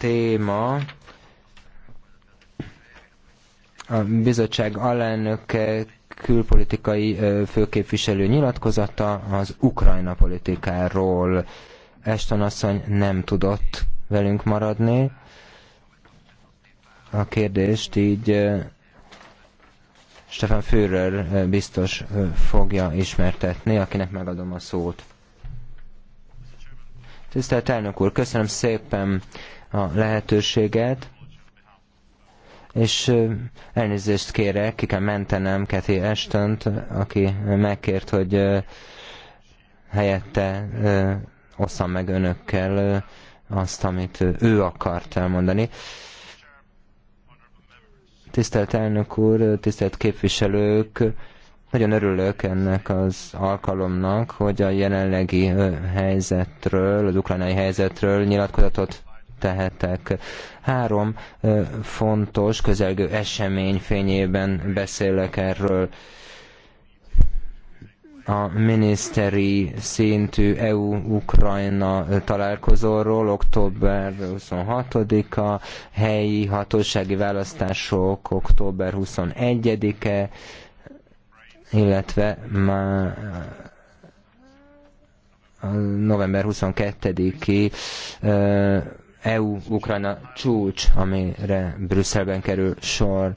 téma. A bizottság alelnöke külpolitikai főképviselő nyilatkozata az Ukrajna politikáról. Eston asszony nem tudott velünk maradni. A kérdést így Stefan Führer biztos fogja ismertetni, akinek megadom a szót. Tisztelt elnök úr, köszönöm szépen a lehetőséget, és elnézést kérek, ki kell mentenem Kathy ashton aki megkért, hogy helyette osszam meg önökkel azt, amit ő akart elmondani. Tisztelt elnök úr, tisztelt képviselők, nagyon örülök ennek az alkalomnak, hogy a jelenlegi helyzetről, az ukrajnai helyzetről nyilatkozatot tehetek. Három fontos, közelgő esemény fényében beszélek erről a miniszteri szintű EU-Ukrajna találkozóról, október 26-a, helyi hatósági választások október 21-e, illetve már a november 22-i EU-Ukrajna csúcs, amire Brüsszelben kerül sor.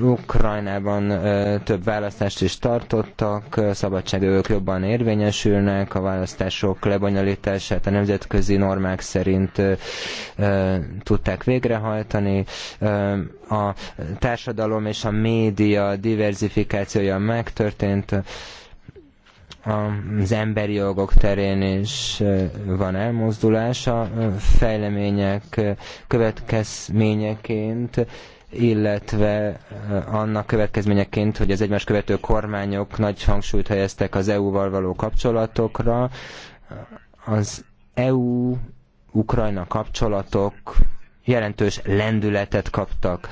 Ukrajnában több választást is tartottak, szabadságjogok jobban érvényesülnek, a választások lebonyolítását a nemzetközi normák szerint tudták végrehajtani. A társadalom és a média diverzifikációja megtörtént az emberi jogok terén is van elmozdulás a fejlemények következményeként illetve eh, annak következményeként, hogy az egymás követő kormányok nagy hangsúlyt helyeztek az EU-val való kapcsolatokra, az EU-Ukrajna kapcsolatok jelentős lendületet kaptak.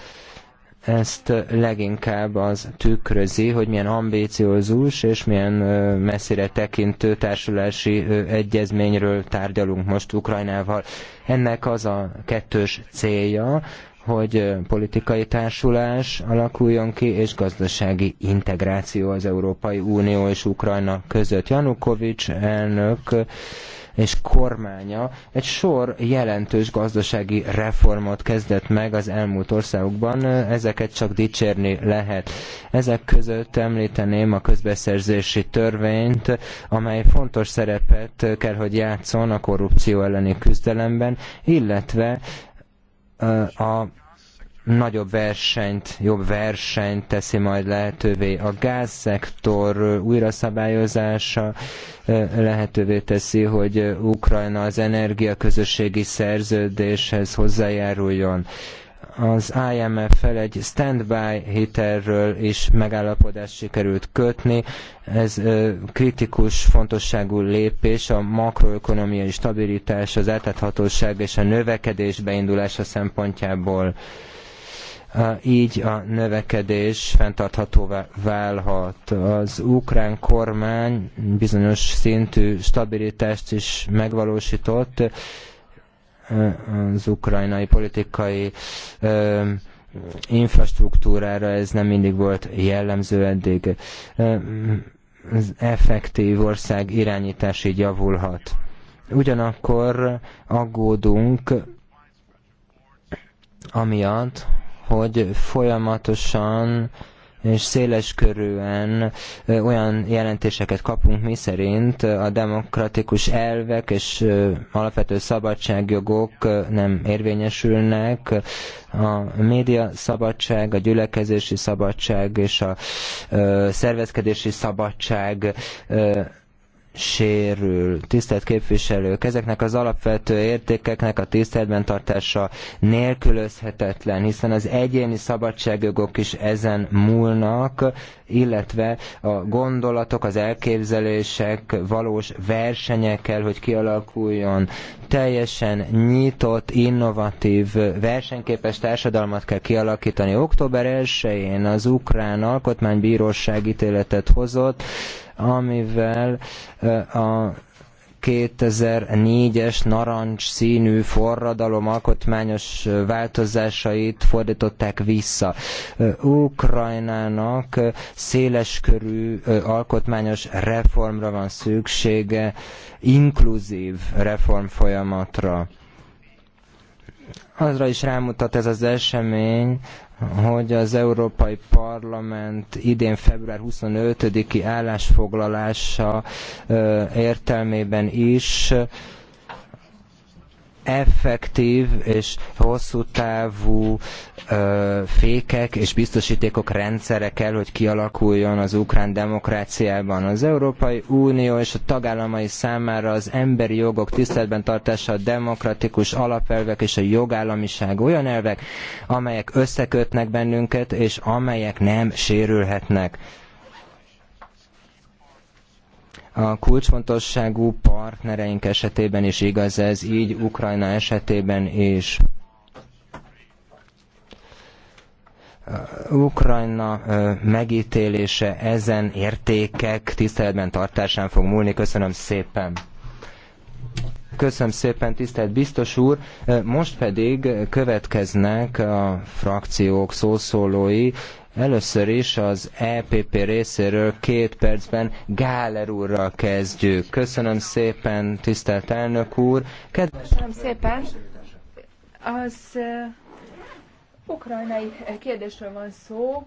Ezt leginkább az tükrözi, hogy milyen ambíciózus és milyen eh, messzire tekintő társulási eh, egyezményről tárgyalunk most Ukrajnával. Ennek az a kettős célja, hogy politikai társulás alakuljon ki, és gazdasági integráció az Európai Unió és Ukrajna között. Janukovics elnök és kormánya egy sor jelentős gazdasági reformot kezdett meg az elmúlt országokban, ezeket csak dicsérni lehet. Ezek között említeném a közbeszerzési törvényt, amely fontos szerepet kell, hogy játszon a korrupció elleni küzdelemben, illetve a nagyobb versenyt, jobb versenyt teszi majd lehetővé. A gázszektor újra szabályozása lehetővé teszi, hogy Ukrajna az energiaközösségi szerződéshez hozzájáruljon az IMF-fel egy standby hitelről is megállapodást sikerült kötni. Ez kritikus fontosságú lépés a makroökonomiai stabilitás, az átláthatóság és a növekedés beindulása szempontjából így a növekedés fenntarthatóvá válhat. Az ukrán kormány bizonyos szintű stabilitást is megvalósított, az ukrajnai politikai infrastruktúrára ez nem mindig volt jellemző eddig. Az effektív ország irányítás így javulhat. Ugyanakkor aggódunk amiatt, hogy folyamatosan és széleskörűen olyan jelentéseket kapunk, miszerint a demokratikus elvek és alapvető szabadságjogok nem érvényesülnek, a média szabadság, a gyülekezési szabadság és a szervezkedési szabadság sérül. Tisztelt képviselők, ezeknek az alapvető értékeknek a tiszteletben tartása nélkülözhetetlen, hiszen az egyéni szabadságjogok is ezen múlnak, illetve a gondolatok, az elképzelések valós versenyekkel, hogy kialakuljon. Teljesen nyitott, innovatív, versenyképes társadalmat kell kialakítani. Október 1-én az Ukrán Alkotmánybíróság ítéletet hozott, amivel a 2004-es narancs színű forradalom alkotmányos változásait fordították vissza. Ukrajnának széleskörű alkotmányos reformra van szüksége, inkluzív reformfolyamatra. Azra is rámutat ez az esemény, hogy az Európai Parlament idén február 25-i állásfoglalása értelmében is effektív és hosszú távú ö, fékek és biztosítékok rendszere kell, hogy kialakuljon az ukrán demokráciában. Az Európai Unió és a tagállamai számára az emberi jogok tiszteletben tartása, a demokratikus alapelvek és a jogállamiság olyan elvek, amelyek összekötnek bennünket, és amelyek nem sérülhetnek. A kulcsfontosságú partnereink esetében is igaz ez, így Ukrajna esetében is. Ukrajna megítélése ezen értékek tiszteletben tartásán fog múlni. Köszönöm szépen! Köszönöm szépen, tisztelt biztos úr. Most pedig következnek a frakciók szószólói. Először is az EPP részéről két percben Gáler úrral kezdjük. Köszönöm szépen, tisztelt elnök úr. Kedves... Köszönöm szépen. Az eh, ukrajnai kérdésről van szó,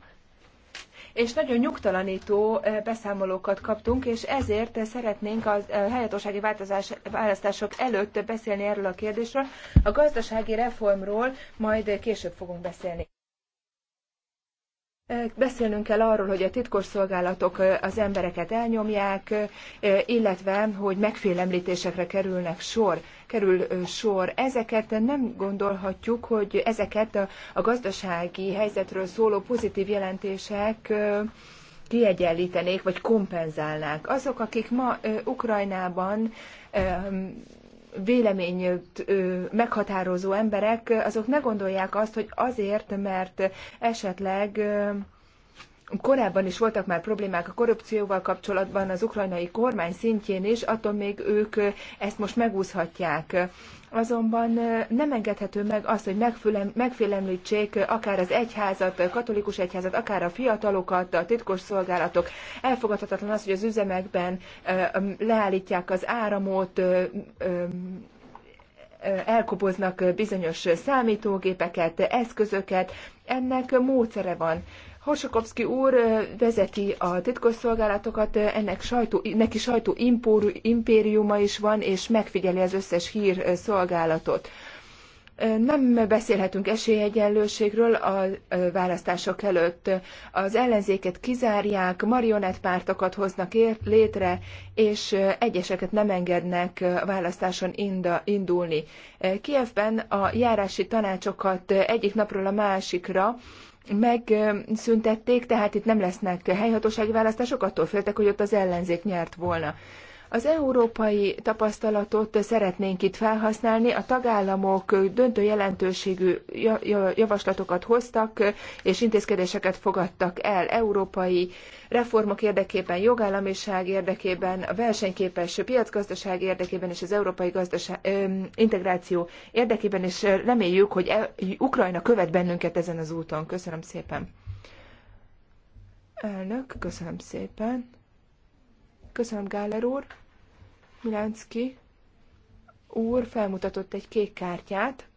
és nagyon nyugtalanító eh, beszámolókat kaptunk, és ezért eh, szeretnénk a helyhatósági választások előtt beszélni erről a kérdésről. A gazdasági reformról majd később fogunk beszélni. Beszélnünk kell arról, hogy a titkosszolgálatok az embereket elnyomják, illetve, hogy megfélemlítésekre kerülnek sor, kerül sor. Ezeket nem gondolhatjuk, hogy ezeket a gazdasági helyzetről szóló pozitív jelentések kiegyenlítenék, vagy kompenzálnák. Azok, akik ma Ukrajnában véleményét meghatározó emberek, azok ne gondolják azt, hogy azért, mert esetleg korábban is voltak már problémák a korrupcióval kapcsolatban az ukrajnai kormány szintjén is, attól még ők ezt most megúszhatják. Azonban nem engedhető meg azt, hogy megfélemlítsék akár az egyházat, katolikus egyházat, akár a fiatalokat, a titkos szolgálatok. Elfogadhatatlan az, hogy az üzemekben leállítják az áramot, elkoboznak bizonyos számítógépeket, eszközöket. Ennek módszere van. Horsakovszki úr vezeti a titkosszolgálatokat, ennek sajtó, neki sajtó impériuma is van, és megfigyeli az összes hír szolgálatot. Nem beszélhetünk esélyegyenlőségről a választások előtt. Az ellenzéket kizárják, marionettpártokat hoznak létre, és egyeseket nem engednek választáson indulni. Kievben a járási tanácsokat egyik napról a másikra megszüntették, tehát itt nem lesznek helyhatósági választások, attól féltek, hogy ott az ellenzék nyert volna. Az európai tapasztalatot szeretnénk itt felhasználni. A tagállamok döntő jelentőségű javaslatokat hoztak, és intézkedéseket fogadtak el európai reformok érdekében, jogállamiság érdekében, a versenyképes piacgazdaság érdekében és az európai gazdaság, integráció érdekében, és reméljük, hogy e, Ukrajna követ bennünket ezen az úton. Köszönöm szépen. Elnök, köszönöm szépen. Köszönöm, Gáller úr. Milánszki úr felmutatott egy kék kártyát.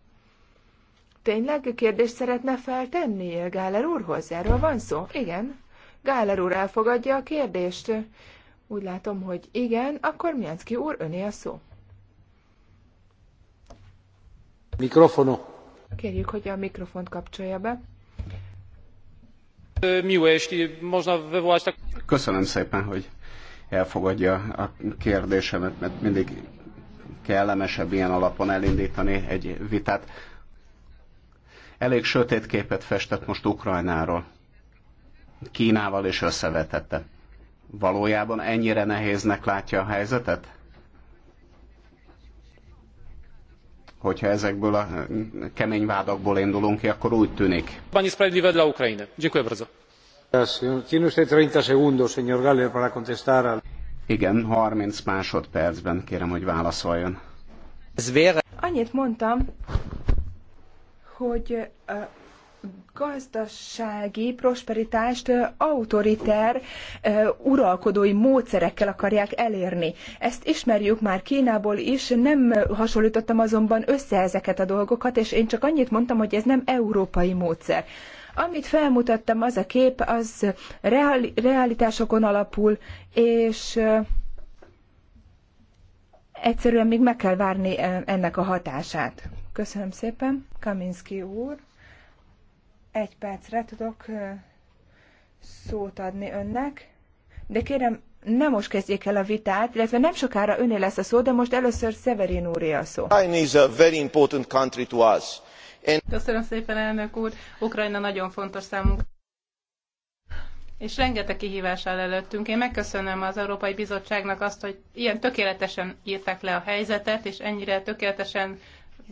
Tényleg kérdést szeretne feltenni Gáler úrhoz? Erről van szó? Igen. Gáler úr elfogadja a kérdést. Úgy látom, hogy igen, akkor Milánszki úr, öné a szó. Mikrofonó. Kérjük, hogy a mikrofont kapcsolja be. Köszönöm szépen, hogy elfogadja a kérdésemet, mert mindig kellemesebb ilyen alapon elindítani egy vitát. Elég sötét képet festett most Ukrajnáról. Kínával is összevetette. Valójában ennyire nehéznek látja a helyzetet? Hogyha ezekből a kemény vádakból indulunk ki, akkor úgy tűnik. Pani sprawiedliwe dla Ukrainy. Dziękuję bardzo. Igen, 30 másodpercben kérem, hogy válaszoljon. Annyit mondtam, hogy a gazdasági prosperitást autoriter uralkodói módszerekkel akarják elérni. Ezt ismerjük már Kínából is, nem hasonlítottam azonban össze ezeket a dolgokat, és én csak annyit mondtam, hogy ez nem európai módszer. Amit felmutattam, az a kép, az reali, realitásokon alapul, és egyszerűen még meg kell várni ennek a hatását. Köszönöm szépen, Kaminski úr. Egy percre tudok szót adni önnek, de kérem, ne most kezdjék el a vitát, illetve nem sokára öné lesz a szó, de most először Severin úré a szó. China is a very important country to us Köszönöm szépen, elnök úr. Ukrajna nagyon fontos számunkra és rengeteg kihívás áll előttünk. Én megköszönöm az Európai Bizottságnak azt, hogy ilyen tökéletesen írták le a helyzetet, és ennyire tökéletesen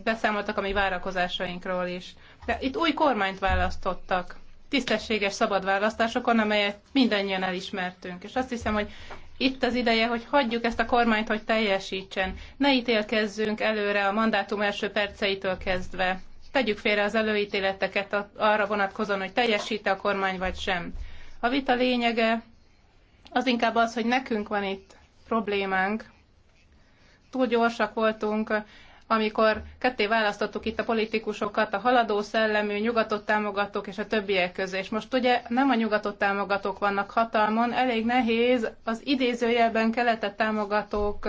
beszámoltak a mi várakozásainkról is. De itt új kormányt választottak, tisztességes, szabad választásokon, amelyet mindannyian elismertünk. És azt hiszem, hogy itt az ideje, hogy hagyjuk ezt a kormányt, hogy teljesítsen. Ne ítélkezzünk előre a mandátum első perceitől kezdve tegyük félre az előítéleteket arra vonatkozóan, hogy teljesít a kormány vagy sem. A vita lényege az inkább az, hogy nekünk van itt problémánk. Túl gyorsak voltunk, amikor ketté választottuk itt a politikusokat, a haladó szellemű, nyugatot támogatók és a többiek közé. És most ugye nem a nyugatot támogatók vannak hatalmon, elég nehéz az idézőjelben keletet támogatók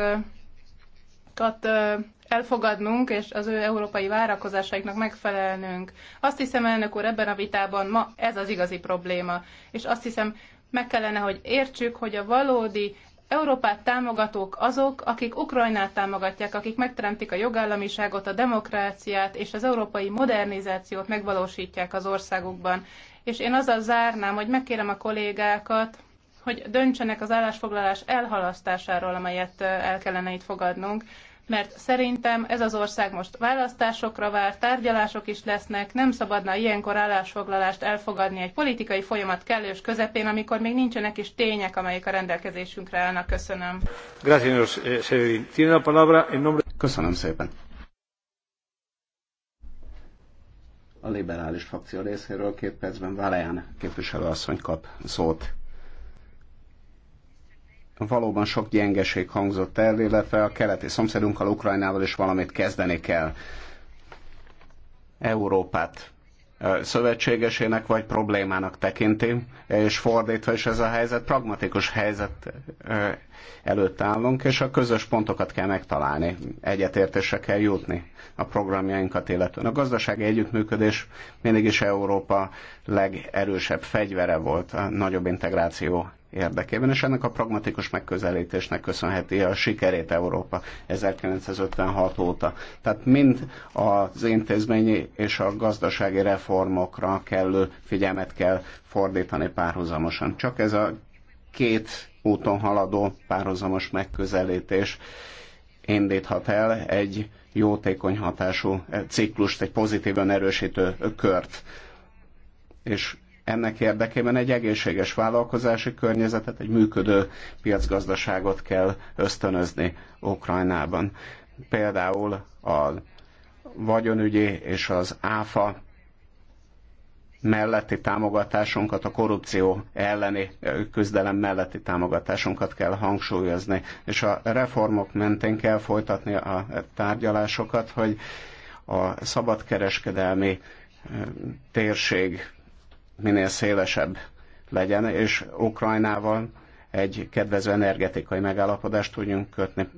elfogadnunk, és az ő európai várakozásaiknak megfelelnünk. Azt hiszem, elnök úr, ebben a vitában ma ez az igazi probléma. És azt hiszem, meg kellene, hogy értsük, hogy a valódi Európát támogatók azok, akik Ukrajnát támogatják, akik megteremtik a jogállamiságot, a demokráciát és az európai modernizációt megvalósítják az országukban. És én azzal zárnám, hogy megkérem a kollégákat, hogy döntsenek az állásfoglalás elhalasztásáról, amelyet el kellene itt fogadnunk, mert szerintem ez az ország most választásokra vár, tárgyalások is lesznek, nem szabadna ilyenkor állásfoglalást elfogadni egy politikai folyamat kellős közepén, amikor még nincsenek is tények, amelyek a rendelkezésünkre állnak. Köszönöm. Eh, Köszönöm szépen. A liberális frakció részéről két percben képviselő asszony kap szót valóban sok gyengeség hangzott el, illetve a keleti szomszédunkkal, Ukrajnával is valamit kezdeni kell. Európát szövetségesének vagy problémának tekinti, és fordítva is ez a helyzet, pragmatikus helyzet előtt állunk, és a közös pontokat kell megtalálni, egyetértésre kell jutni a programjainkat illetve A gazdasági együttműködés mindig is Európa legerősebb fegyvere volt a nagyobb integráció érdekében, és ennek a pragmatikus megközelítésnek köszönheti a sikerét Európa 1956 óta. Tehát mind az intézményi és a gazdasági reformokra kellő figyelmet kell fordítani párhuzamosan. Csak ez a két úton haladó párhuzamos megközelítés indíthat el egy jótékony hatású ciklust, egy pozitívan erősítő kört. És ennek érdekében egy egészséges vállalkozási környezetet, egy működő piacgazdaságot kell ösztönözni Ukrajnában. Például a vagyonügyi és az áfa melletti támogatásunkat, a korrupció elleni küzdelem melletti támogatásunkat kell hangsúlyozni, és a reformok mentén kell folytatni a tárgyalásokat, hogy a szabadkereskedelmi térség minél szélesebb legyen, és Ukrajnával egy kedvező energetikai megállapodást tudjunk kötni.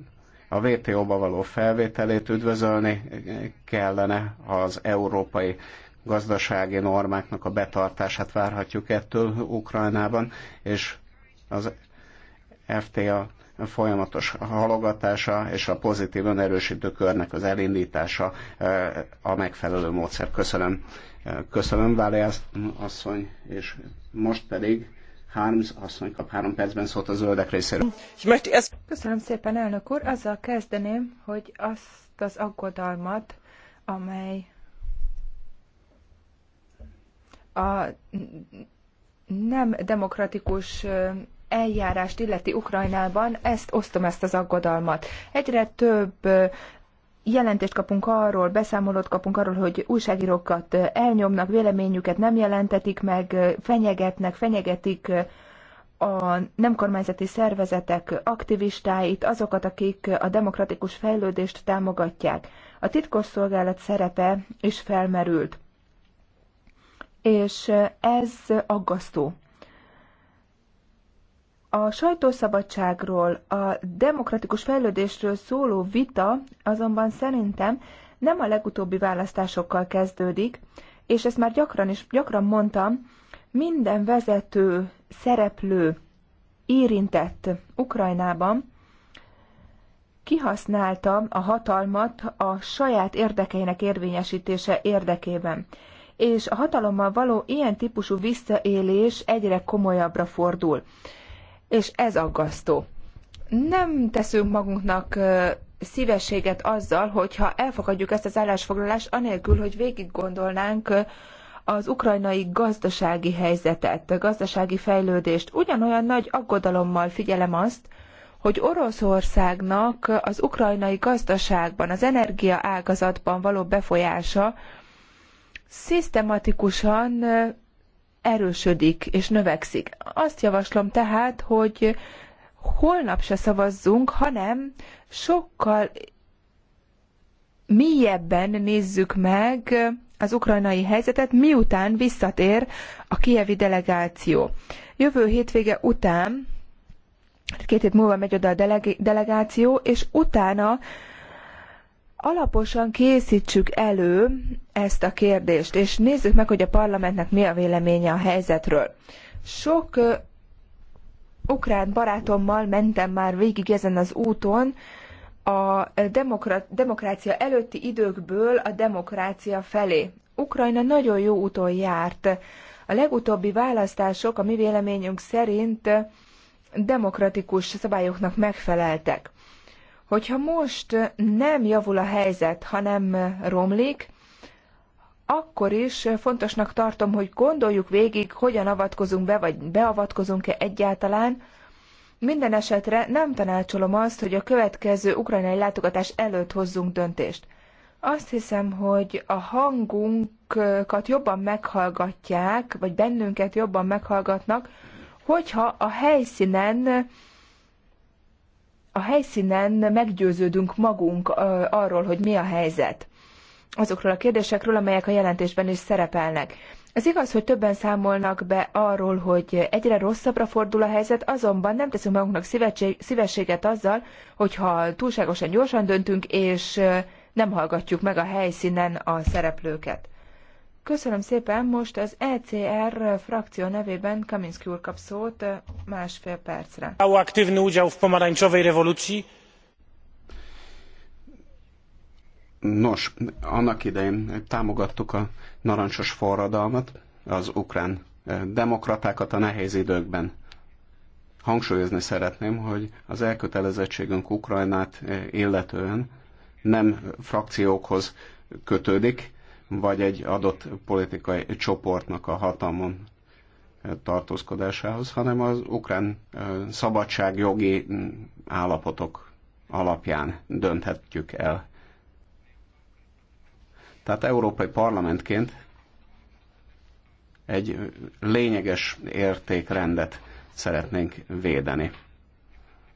A WTO-ba való felvételét üdvözölni kellene az európai gazdasági normáknak a betartását várhatjuk ettől Ukrajnában, és az FTA folyamatos halogatása és a pozitív önerősítő körnek az elindítása eh, a megfelelő módszer. Köszönöm. Köszönöm, Váli asszony, és most pedig Harms asszony kap három percben szólt a zöldek részéről. Köszönöm szépen, elnök úr. Azzal kezdeném, hogy azt az aggodalmat, amely a nem demokratikus eljárást illeti Ukrajnában, ezt osztom ezt az aggodalmat. Egyre több jelentést kapunk arról, beszámolót kapunk arról, hogy újságírókat eh, elnyomnak, véleményüket nem jelentetik meg, eh, fenyegetnek, fenyegetik eh, a nem kormányzati szervezetek aktivistáit, azokat, akik a demokratikus fejlődést támogatják. A titkosszolgálat szerepe is felmerült. És ez aggasztó. A sajtószabadságról, a demokratikus fejlődésről szóló vita azonban szerintem nem a legutóbbi választásokkal kezdődik, és ezt már gyakran is gyakran mondtam, minden vezető, szereplő érintett Ukrajnában kihasználta a hatalmat a saját érdekeinek érvényesítése érdekében. És a hatalommal való ilyen típusú visszaélés egyre komolyabbra fordul és ez aggasztó. Nem teszünk magunknak szívességet azzal, hogyha elfogadjuk ezt az állásfoglalást, anélkül, hogy végig gondolnánk az ukrajnai gazdasági helyzetet, a gazdasági fejlődést. Ugyanolyan nagy aggodalommal figyelem azt, hogy Oroszországnak az ukrajnai gazdaságban, az energiaágazatban való befolyása szisztematikusan erősödik és növekszik. Azt javaslom tehát, hogy holnap se szavazzunk, hanem sokkal mélyebben nézzük meg az ukrajnai helyzetet, miután visszatér a kievi delegáció. Jövő hétvége után, két hét múlva megy oda a delegáció, és utána alaposan készítsük elő ezt a kérdést, és nézzük meg, hogy a parlamentnek mi a véleménye a helyzetről. Sok ukrán barátommal mentem már végig ezen az úton, a demokrácia előtti időkből a demokrácia felé. Ukrajna nagyon jó úton járt. A legutóbbi választások a mi véleményünk szerint demokratikus szabályoknak megfeleltek. Hogyha most nem javul a helyzet, hanem romlik, akkor is fontosnak tartom, hogy gondoljuk végig, hogyan avatkozunk be, vagy beavatkozunk-e egyáltalán. Minden esetre nem tanácsolom azt, hogy a következő ukrajnai látogatás előtt hozzunk döntést. Azt hiszem, hogy a hangunkat jobban meghallgatják, vagy bennünket jobban meghallgatnak, hogyha a helyszínen a helyszínen meggyőződünk magunk arról, hogy mi a helyzet. Azokról a kérdésekről, amelyek a jelentésben is szerepelnek. Az igaz, hogy többen számolnak be arról, hogy egyre rosszabbra fordul a helyzet, azonban nem teszünk magunknak szívességet azzal, hogyha túlságosan gyorsan döntünk, és nem hallgatjuk meg a helyszínen a szereplőket. Köszönöm szépen, most az ECR frakció nevében Kaminski úr kap szót másfél percre. aktywny udział w pomarańczowej rewolucji. Nos, annak idején támogattuk a narancsos forradalmat, az ukrán demokratákat a nehéz időkben. Hangsúlyozni szeretném, hogy az elkötelezettségünk Ukrajnát illetően nem frakciókhoz kötődik, vagy egy adott politikai csoportnak a hatalmon tartózkodásához, hanem az ukrán szabadságjogi állapotok alapján dönthetjük el. Tehát Európai Parlamentként egy lényeges értékrendet szeretnénk védeni.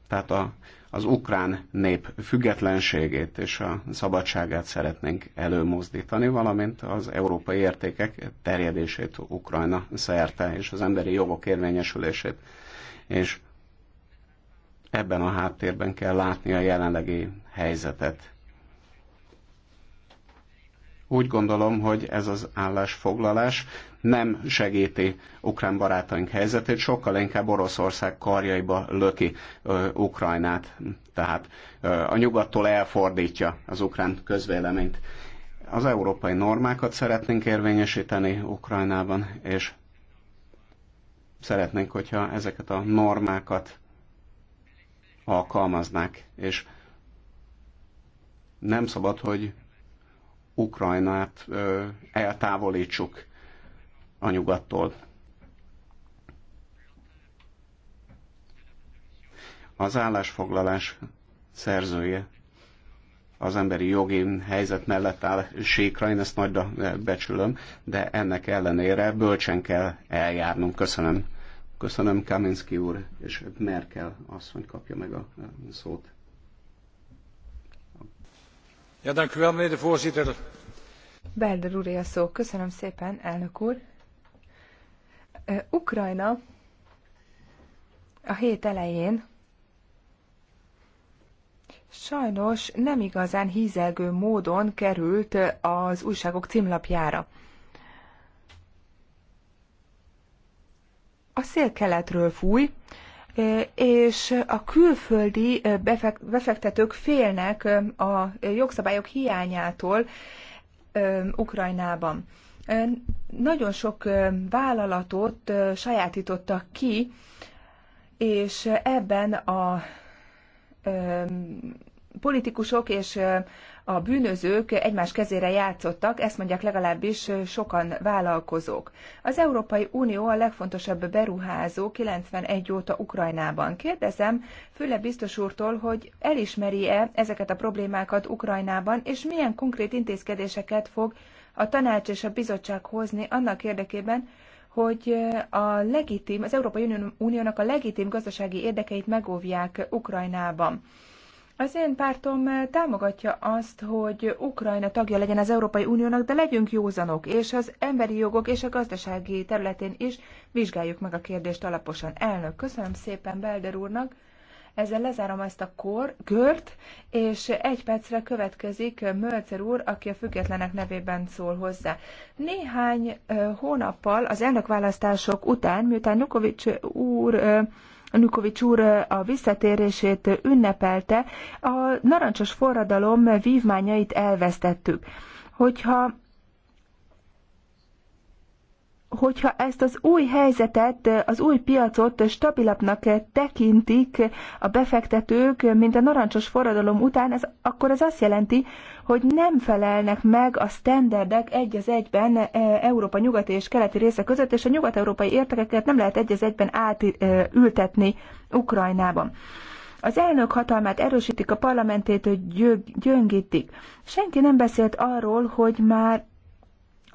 Tehát a az ukrán nép függetlenségét és a szabadságát szeretnénk előmozdítani, valamint az európai értékek terjedését Ukrajna szerte és az emberi jogok érvényesülését. És ebben a háttérben kell látni a jelenlegi helyzetet. Úgy gondolom, hogy ez az állásfoglalás nem segíti ukrán barátaink helyzetét, sokkal inkább Oroszország karjaiba löki ö, Ukrajnát, tehát ö, a nyugattól elfordítja az ukrán közvéleményt. Az európai normákat szeretnénk érvényesíteni Ukrajnában, és szeretnénk, hogyha ezeket a normákat alkalmaznák, és nem szabad, hogy Ukrajnát ö, eltávolítsuk a nyugattól. Az állásfoglalás szerzője az emberi jogi helyzet mellett áll sékra, én ezt nagyra becsülöm, de ennek ellenére bölcsen kell eljárnunk. Köszönöm. Köszönöm Kaminski úr, és Merkel asszony kapja meg a szót. Ja, dank u wel, meneer de voorzitter. Belder úr, a szó. Köszönöm szépen, elnök úr. Ukrajna a hét elején sajnos nem igazán hízelgő módon került az újságok címlapjára. A szél keletről fúj, és a külföldi befektetők félnek a jogszabályok hiányától Ukrajnában. Nagyon sok vállalatot sajátítottak ki, és ebben a politikusok és a bűnözők egymás kezére játszottak, ezt mondják legalábbis sokan vállalkozók. Az Európai Unió a legfontosabb beruházó 91 óta Ukrajnában. Kérdezem főle biztos úrtól, hogy elismeri-e ezeket a problémákat Ukrajnában, és milyen konkrét intézkedéseket fog a tanács és a bizottság hozni annak érdekében, hogy a legitim, az Európai Uniónak a legitim gazdasági érdekeit megóvják Ukrajnában. Az én pártom támogatja azt, hogy Ukrajna tagja legyen az Európai Uniónak, de legyünk józanok, és az emberi jogok és a gazdasági területén is vizsgáljuk meg a kérdést alaposan. Elnök, köszönöm szépen Belder úrnak. Ezzel lezárom ezt a kor, kört, és egy percre következik Mölcer úr, aki a függetlenek nevében szól hozzá. Néhány hónappal az elnökválasztások után, miután Nukovics úr Nukovics úr a visszatérését ünnepelte, a narancsos forradalom vívmányait elvesztettük. Hogyha hogyha ezt az új helyzetet, az új piacot stabilabbnak tekintik a befektetők, mint a narancsos forradalom után, ez, akkor ez azt jelenti, hogy nem felelnek meg a standardek egy az egyben e, Európa nyugati és keleti része között, és a nyugat-európai értekeket nem lehet egy az egyben átültetni e, Ukrajnában. Az elnök hatalmát erősítik, a parlamentét gyöngítik. Senki nem beszélt arról, hogy már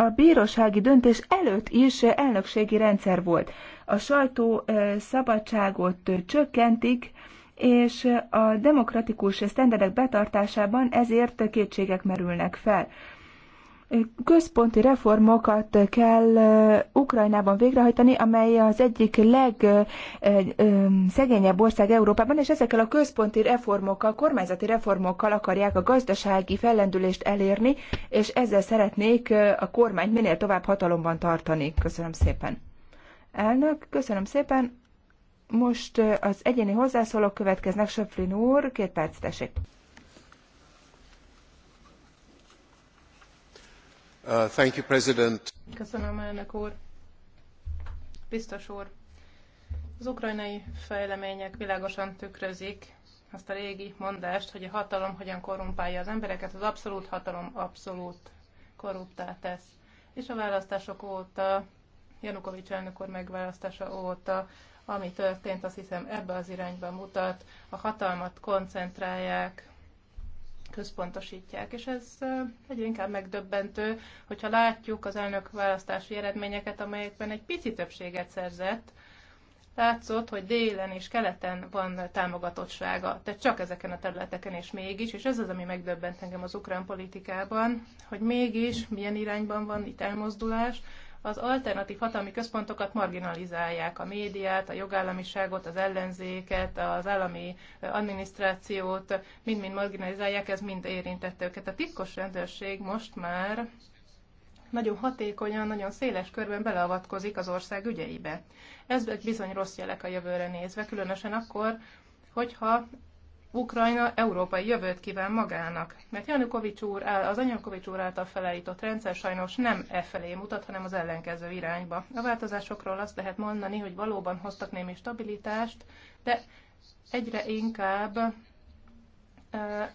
a bírósági döntés előtt is elnökségi rendszer volt. A sajtó szabadságot csökkentik, és a demokratikus sztenderek betartásában ezért kétségek merülnek fel központi reformokat kell Ukrajnában végrehajtani, amely az egyik legszegényebb ország Európában, és ezekkel a központi reformokkal, kormányzati reformokkal akarják a gazdasági fellendülést elérni, és ezzel szeretnék a kormányt minél tovább hatalomban tartani. Köszönöm szépen. Elnök, köszönöm szépen. Most az egyéni hozzászólók következnek, Söfrin úr, két perc tessék. Uh, Köszönöm, Biztos úr, az ukrajnai fejlemények világosan tükrözik azt a régi mondást, hogy a hatalom hogyan korrumpálja az embereket, az abszolút hatalom abszolút korruptá tesz. És a választások óta, Janukovics elnök úr megválasztása óta, ami történt, azt hiszem ebbe az irányba mutat, a hatalmat koncentrálják, központosítják. És ez egyre inkább megdöbbentő, hogyha látjuk az elnök választási eredményeket, amelyekben egy pici többséget szerzett, látszott, hogy délen és keleten van támogatottsága, tehát csak ezeken a területeken és mégis, és ez az, ami megdöbbent engem az ukrán politikában, hogy mégis milyen irányban van itt elmozdulás, az alternatív hatalmi központokat marginalizálják, a médiát, a jogállamiságot, az ellenzéket, az állami adminisztrációt, mind-mind marginalizálják, ez mind érintette őket. A titkos rendőrség most már nagyon hatékonyan, nagyon széles körben beleavatkozik az ország ügyeibe. Ez bizony rossz jelek a jövőre nézve, különösen akkor, hogyha Ukrajna európai jövőt kíván magának, mert Janukovics úr, az Janukovics úr által felállított rendszer sajnos nem e felé mutat, hanem az ellenkező irányba. A változásokról azt lehet mondani, hogy valóban hoztak némi stabilitást, de egyre inkább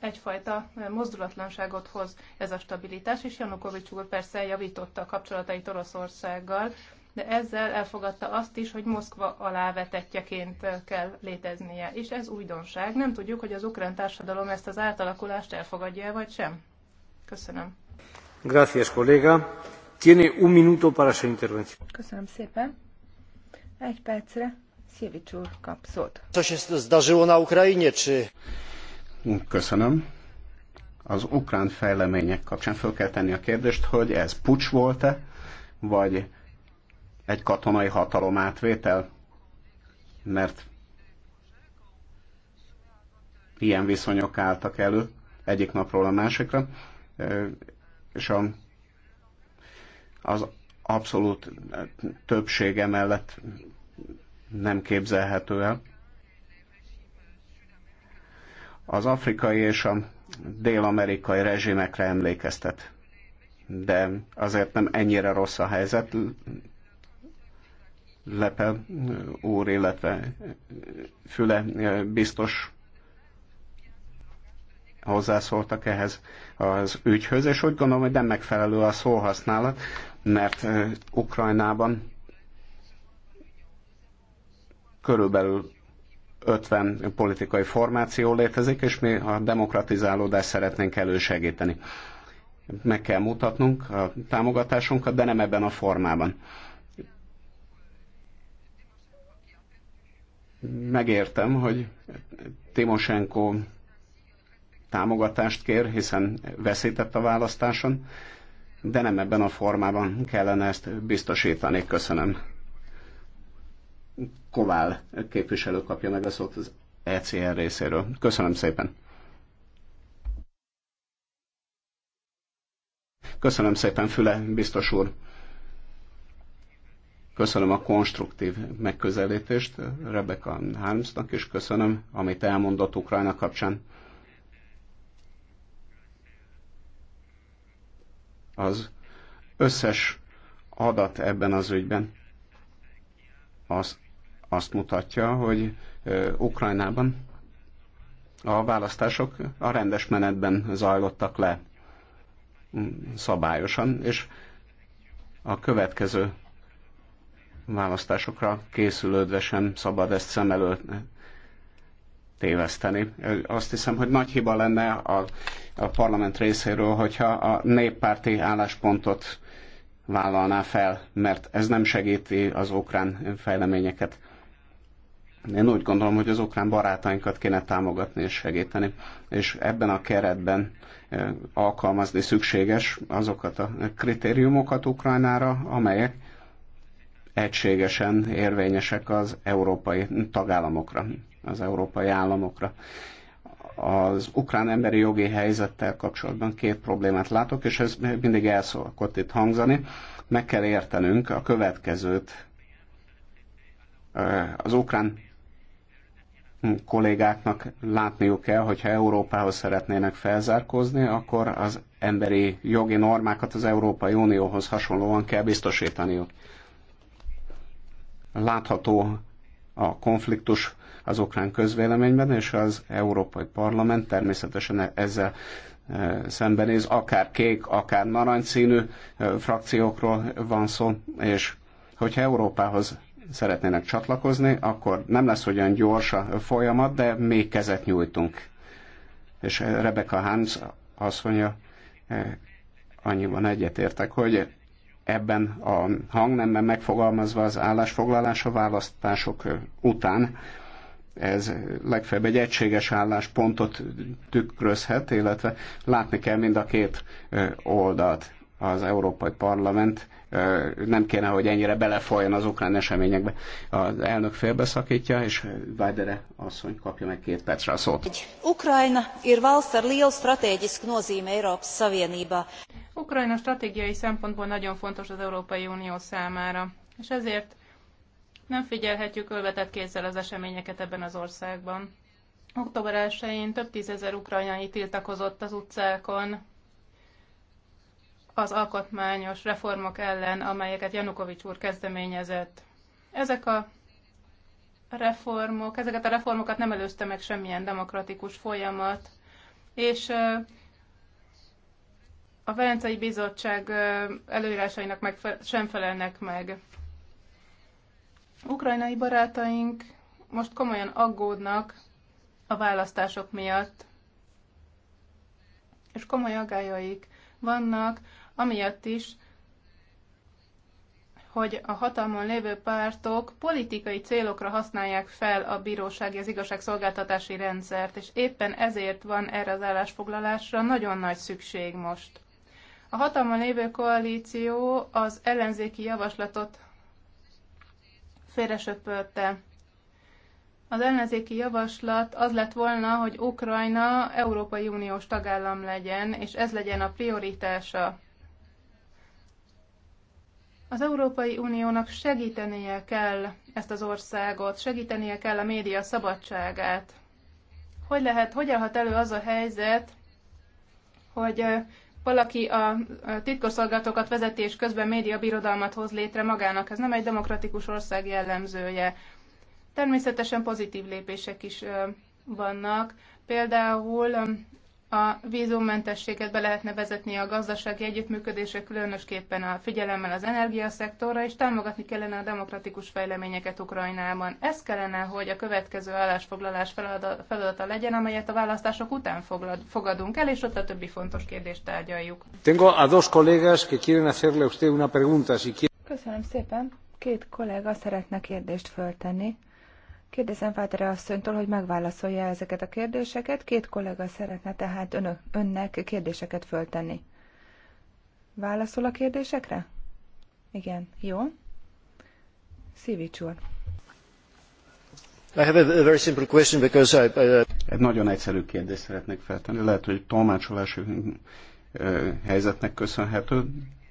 egyfajta mozdulatlanságot hoz ez a stabilitás, és Janukovics úr persze javította a kapcsolatait Oroszországgal, de ezzel elfogadta azt is, hogy Moszkva alávetettjeként kell léteznie. És ez újdonság. Nem tudjuk, hogy az ukrán társadalom ezt az átalakulást elfogadja-e vagy sem. Köszönöm. Gracias, kolléga. Tiene un minuto para su intervención. Köszönöm szépen. Egy percre Szievics úr kap szót. zdarzyło na Ukrainie, czy... Köszönöm az ukrán fejlemények kapcsán fel kell tenni a kérdést, hogy ez pucs volt-e, vagy egy katonai hatalomátvétel, mert ilyen viszonyok álltak elő egyik napról a másikra, és a, az abszolút többsége mellett nem képzelhető el. Az afrikai és a dél-amerikai rezsimekre emlékeztet, de azért nem ennyire rossz a helyzet, Lepe úr, illetve Füle biztos hozzászóltak ehhez az ügyhöz, és úgy gondolom, hogy nem megfelelő a szóhasználat, mert Ukrajnában körülbelül 50 politikai formáció létezik, és mi a demokratizálódást szeretnénk elősegíteni. Meg kell mutatnunk a támogatásunkat, de nem ebben a formában. megértem, hogy Timoshenko támogatást kér, hiszen veszített a választáson, de nem ebben a formában kellene ezt biztosítani. Köszönöm. Kovál képviselő kapja meg a szót az ECR részéről. Köszönöm szépen. Köszönöm szépen, Füle, biztos úr. Köszönöm a konstruktív megközelítést Rebecca Harmsnak, és köszönöm, amit elmondott Ukrajna kapcsán. Az összes adat ebben az ügyben az, azt mutatja, hogy Ukrajnában a választások a rendes menetben zajlottak le mm, szabályosan, és a következő választásokra készülődve sem szabad ezt szem előtt téveszteni. Azt hiszem, hogy nagy hiba lenne a, a parlament részéről, hogyha a néppárti álláspontot vállalná fel, mert ez nem segíti az ukrán fejleményeket. Én úgy gondolom, hogy az ukrán barátainkat kéne támogatni és segíteni, és ebben a keretben eh, alkalmazni szükséges azokat a kritériumokat Ukrajnára, amelyek egységesen érvényesek az európai tagállamokra, az európai államokra. Az ukrán emberi jogi helyzettel kapcsolatban két problémát látok, és ez mindig elszokott itt hangzani. Meg kell értenünk a következőt. Az ukrán kollégáknak látniuk kell, hogyha Európához szeretnének felzárkózni, akkor az emberi jogi normákat az Európai Unióhoz hasonlóan kell biztosítaniuk. Látható a konfliktus az ukrán közvéleményben, és az Európai Parlament természetesen ezzel e, szembenéz, akár kék, akár narancsszínű e, frakciókról van szó, és hogyha Európához szeretnének csatlakozni, akkor nem lesz olyan gyors a folyamat, de még kezet nyújtunk. És Rebecca Hans azt mondja, e, annyiban egyetértek, hogy ebben a hangnemben megfogalmazva az állásfoglalás a választások után ez legfeljebb egy egységes álláspontot tükrözhet, illetve látni kell mind a két oldalt. Az Európai Parlament nem kéne, hogy ennyire belefolyjon az ukrán eseményekbe. Az elnök félbeszakítja, és Vajdere asszony kapja meg két percre a szót. Ukrajna ir valsts ar lielu strateģisku nozīmi Eiropas Savienībā. Ukrajna stratégiai szempontból nagyon fontos az Európai Unió számára, és ezért nem figyelhetjük ölvetett kézzel az eseményeket ebben az országban. Október 1-én több tízezer ukrajnai tiltakozott az utcákon az alkotmányos reformok ellen, amelyeket Janukovics úr kezdeményezett. Ezek a reformok, ezeket a reformokat nem előzte meg semmilyen demokratikus folyamat, és a Velencei Bizottság előírásainak meg sem felelnek meg. Ukrajnai barátaink most komolyan aggódnak a választások miatt, és komoly agályaik vannak, amiatt is, hogy a hatalmon lévő pártok politikai célokra használják fel a bírósági, az igazságszolgáltatási rendszert, és éppen ezért van erre az állásfoglalásra nagyon nagy szükség most. A hatalmon lévő koalíció az ellenzéki javaslatot félresöpörte. Az ellenzéki javaslat az lett volna, hogy Ukrajna Európai Uniós tagállam legyen, és ez legyen a prioritása. Az Európai Uniónak segítenie kell ezt az országot, segítenie kell a média szabadságát. Hogy lehet, hogy elhat elő az a helyzet, hogy valaki a titkosszolgálatokat vezetés közben médiabirodalmat hoz létre magának. Ez nem egy demokratikus ország jellemzője. Természetesen pozitív lépések is vannak. Például a vízummentességet be lehetne vezetni a gazdasági együttműködésre, különösképpen a figyelemmel az energiaszektorra, és támogatni kellene a demokratikus fejleményeket Ukrajnában. Ez kellene, hogy a következő állásfoglalás feladata legyen, amelyet a választások után fogadunk el, és ott a többi fontos kérdést tárgyaljuk. Tengo a dos colegas que quieren hacerle usted una pregunta, si quiere. Köszönöm szépen. Két kollega szeretne kérdést föltenni. Kérdezem Fátere asszonytól, hogy megválaszolja ezeket a kérdéseket. Két kollega szeretne tehát önök, önnek kérdéseket föltenni. Válaszol a kérdésekre? Igen, jó. Szívics úr. I have a very simple question because I, I, uh, Egy nagyon egyszerű kérdést szeretnék feltenni. Lehet, hogy tolmácsolási helyzetnek köszönhető,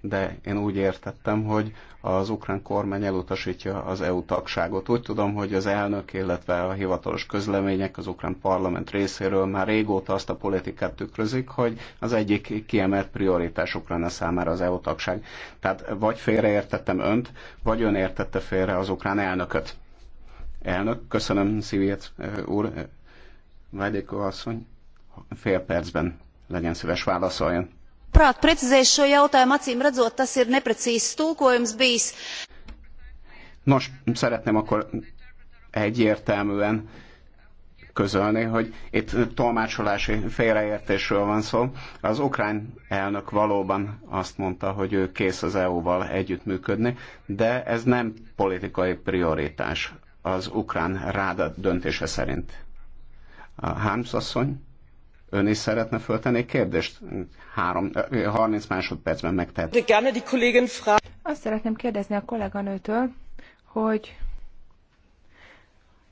de én úgy értettem, hogy az ukrán kormány elutasítja az EU tagságot. Úgy tudom, hogy az elnök, illetve a hivatalos közlemények az ukrán parlament részéről már régóta azt a politikát tükrözik, hogy az egyik kiemelt prioritás Ukrajna számára az EU tagság. Tehát vagy félreértettem önt, vagy ön értette félre az ukrán elnököt. Elnök, köszönöm szívét, eh, úr, eh, Vágyékó asszony, fél percben legyen szíves válaszoljon labprāt precizēs šo jautājumu. Acīm redzot, tas ir neprecīzs tulkojums bijis. Nos, szeretném akkor egyértelműen közölni, hogy itt tolmácsolási félreértésről van szó. Az ukrán elnök valóban azt mondta, hogy ő kész az EU-val együttműködni, de ez nem politikai prioritás az ukrán ráda döntése szerint. A Hámsz asszony? Ön is szeretne föltenni kérdést? Három, 30 másodpercben megtehet. Azt szeretném kérdezni a kolléganőtől, hogy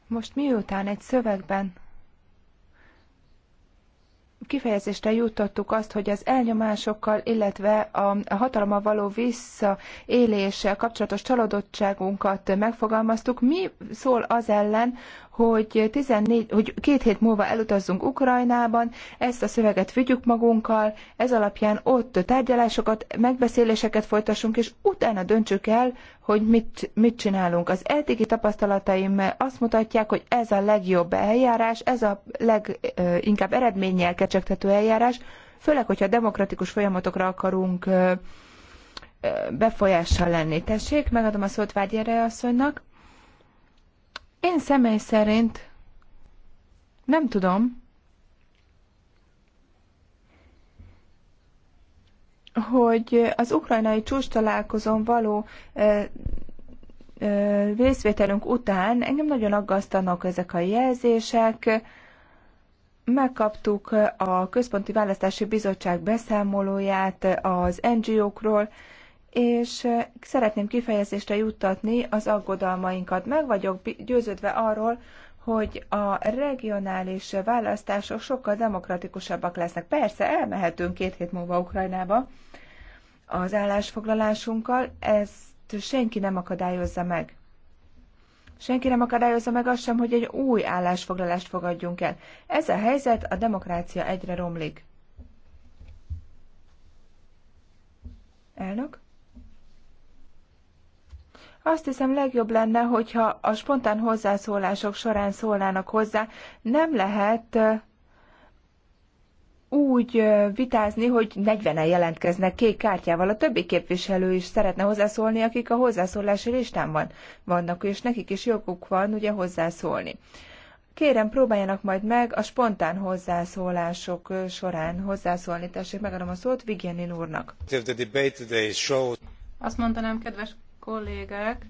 most miután egy szövegben kifejezésre juttattuk azt, hogy az elnyomásokkal, illetve a hatalommal való visszaéléssel kapcsolatos csalódottságunkat megfogalmaztuk. Mi szól az ellen, hogy, 14, hogy két hét múlva elutazzunk Ukrajnában, ezt a szöveget vigyük magunkkal, ez alapján ott tárgyalásokat, megbeszéléseket folytassunk, és utána döntsük el, hogy mit, mit csinálunk. Az eddigi tapasztalataim azt mutatják, hogy ez a legjobb eljárás, ez a leginkább eredménnyel kecsegtető eljárás, főleg, hogyha demokratikus folyamatokra akarunk befolyással lenni. Tessék, megadom a szót Vágyere asszonynak. Én személy szerint nem tudom, hogy az ukrajnai csúcs találkozón való részvételünk után engem nagyon aggasztanak ezek a jelzések. Megkaptuk a Központi Választási Bizottság beszámolóját az NGO-król, és szeretném kifejezésre juttatni az aggodalmainkat. Meg vagyok győződve arról, hogy a regionális választások sokkal demokratikusabbak lesznek. Persze, elmehetünk két hét múlva Ukrajnába az állásfoglalásunkkal, ezt senki nem akadályozza meg. Senki nem akadályozza meg azt sem, hogy egy új állásfoglalást fogadjunk el. Ez a helyzet, a demokrácia egyre romlik. Elnök? Azt hiszem legjobb lenne, hogyha a spontán hozzászólások során szólnának hozzá. Nem lehet úgy vitázni, hogy 40-en jelentkeznek kék kártyával. A többi képviselő is szeretne hozzászólni, akik a hozzászólási listán van, vannak, és nekik is joguk van ugye hozzászólni. Kérem, próbáljanak majd meg a spontán hozzászólások során hozzászólni. Tessék, megadom a szót Vigyenin úrnak. Azt mondanám, kedves kollégák,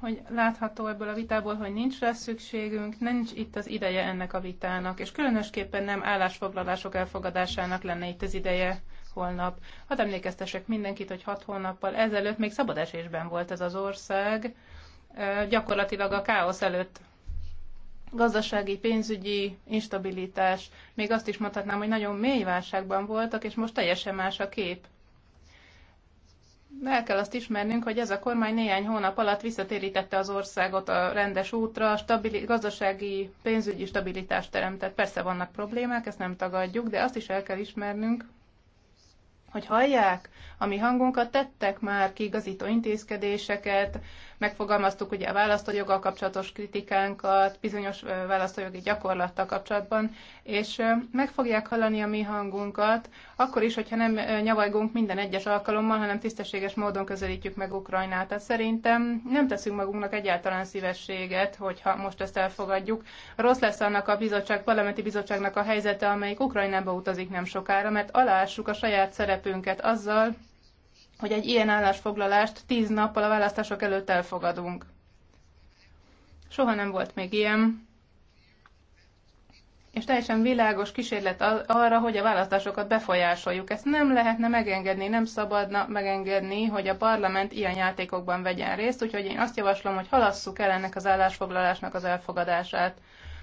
hogy látható ebből a vitából, hogy nincs rá szükségünk, nincs itt az ideje ennek a vitának, és különösképpen nem állásfoglalások elfogadásának lenne itt az ideje holnap. Hadd emlékeztesek mindenkit, hogy hat hónappal ezelőtt még szabadesésben volt ez az ország, gyakorlatilag a káosz előtt gazdasági, pénzügyi instabilitás, még azt is mondhatnám, hogy nagyon mély válságban voltak, és most teljesen más a kép el kell azt ismernünk, hogy ez a kormány néhány hónap alatt visszatérítette az országot a rendes útra, stabili, gazdasági, pénzügyi stabilitást teremtett. Persze vannak problémák, ezt nem tagadjuk, de azt is el kell ismernünk, hogy hallják ami hangunkat, tettek már kiigazító intézkedéseket, megfogalmaztuk ugye a választójoggal kapcsolatos kritikánkat, bizonyos választójogi gyakorlattal kapcsolatban, és meg fogják hallani a mi hangunkat, akkor is, hogyha nem nyavajgunk minden egyes alkalommal, hanem tisztességes módon közelítjük meg Ukrajnát. Tehát szerintem nem teszünk magunknak egyáltalán szívességet, hogyha most ezt elfogadjuk. Rossz lesz annak a bizottság, parlamenti bizottságnak a helyzete, amelyik Ukrajnába utazik nem sokára, mert alássuk a saját szerepünket azzal, hogy egy ilyen állásfoglalást tíz nappal a választások előtt elfogadunk. Soha nem volt még ilyen, és teljesen világos kísérlet arra, hogy a választásokat befolyásoljuk. Ezt nem lehetne megengedni, nem szabadna megengedni, hogy a parlament ilyen játékokban vegyen részt, úgyhogy én azt javaslom, hogy halasszuk el ennek az állásfoglalásnak az elfogadását.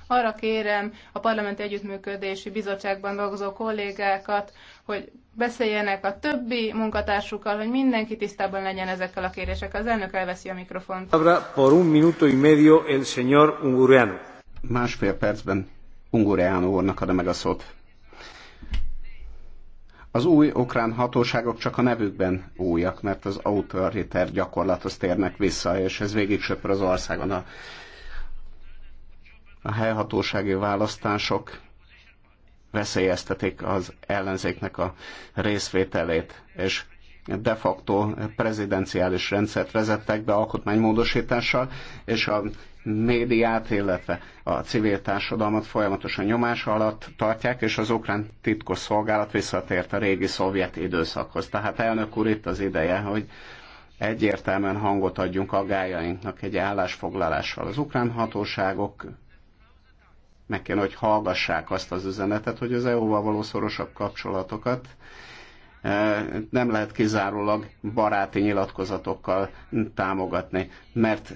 Arra kérem a Parlamenti Együttműködési Bizottságban dolgozó kollégákat, hogy beszéljenek a többi munkatársukkal, hogy mindenki tisztában legyen ezekkel a kérésekkel. Az elnök elveszi a mikrofont. Por un minuto y medio el señor Ungureanu. Másfél percben Ungureanu úrnak ad meg a szót. Az új ukrán hatóságok csak a nevükben újak, mert az autoriter gyakorlathoz térnek vissza, és ez végig söpör az országon a, a helyhatósági választások veszélyeztetik az ellenzéknek a részvételét, és de facto prezidenciális rendszert vezettek be alkotmánymódosítással, és a médiát, illetve a civil társadalmat folyamatosan nyomás alatt tartják, és az ukrán titkos szolgálat visszatért a régi szovjet időszakhoz. Tehát elnök úr, itt az ideje, hogy egyértelműen hangot adjunk aggájainknak egy állásfoglalással. Az ukrán hatóságok meg kell, hogy hallgassák azt az üzenetet, hogy az EU-val való szorosabb kapcsolatokat e, nem lehet kizárólag baráti nyilatkozatokkal támogatni, mert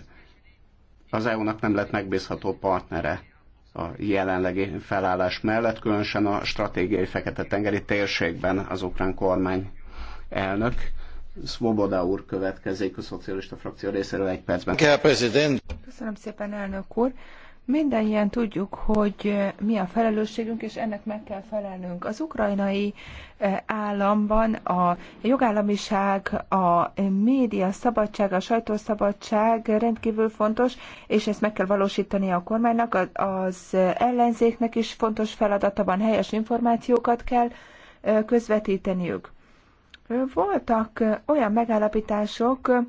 az EU-nak nem lett megbízható partnere a jelenlegi felállás mellett, különösen a stratégiai fekete-tengeri térségben az ukrán kormány elnök. Svoboda úr következik a szocialista frakció részéről egy percben. Köszönöm szépen, elnök úr. Mindennyien tudjuk, hogy eh, mi a felelősségünk, és ennek meg kell felelnünk. Az ukrajnai eh, államban a jogállamiság, a média szabadság, a sajtószabadság rendkívül fontos, és ezt meg kell valósítani a kormánynak. Az ellenzéknek is fontos feladata van, helyes információkat kell eh, közvetíteniük. Voltak olyan megállapítások,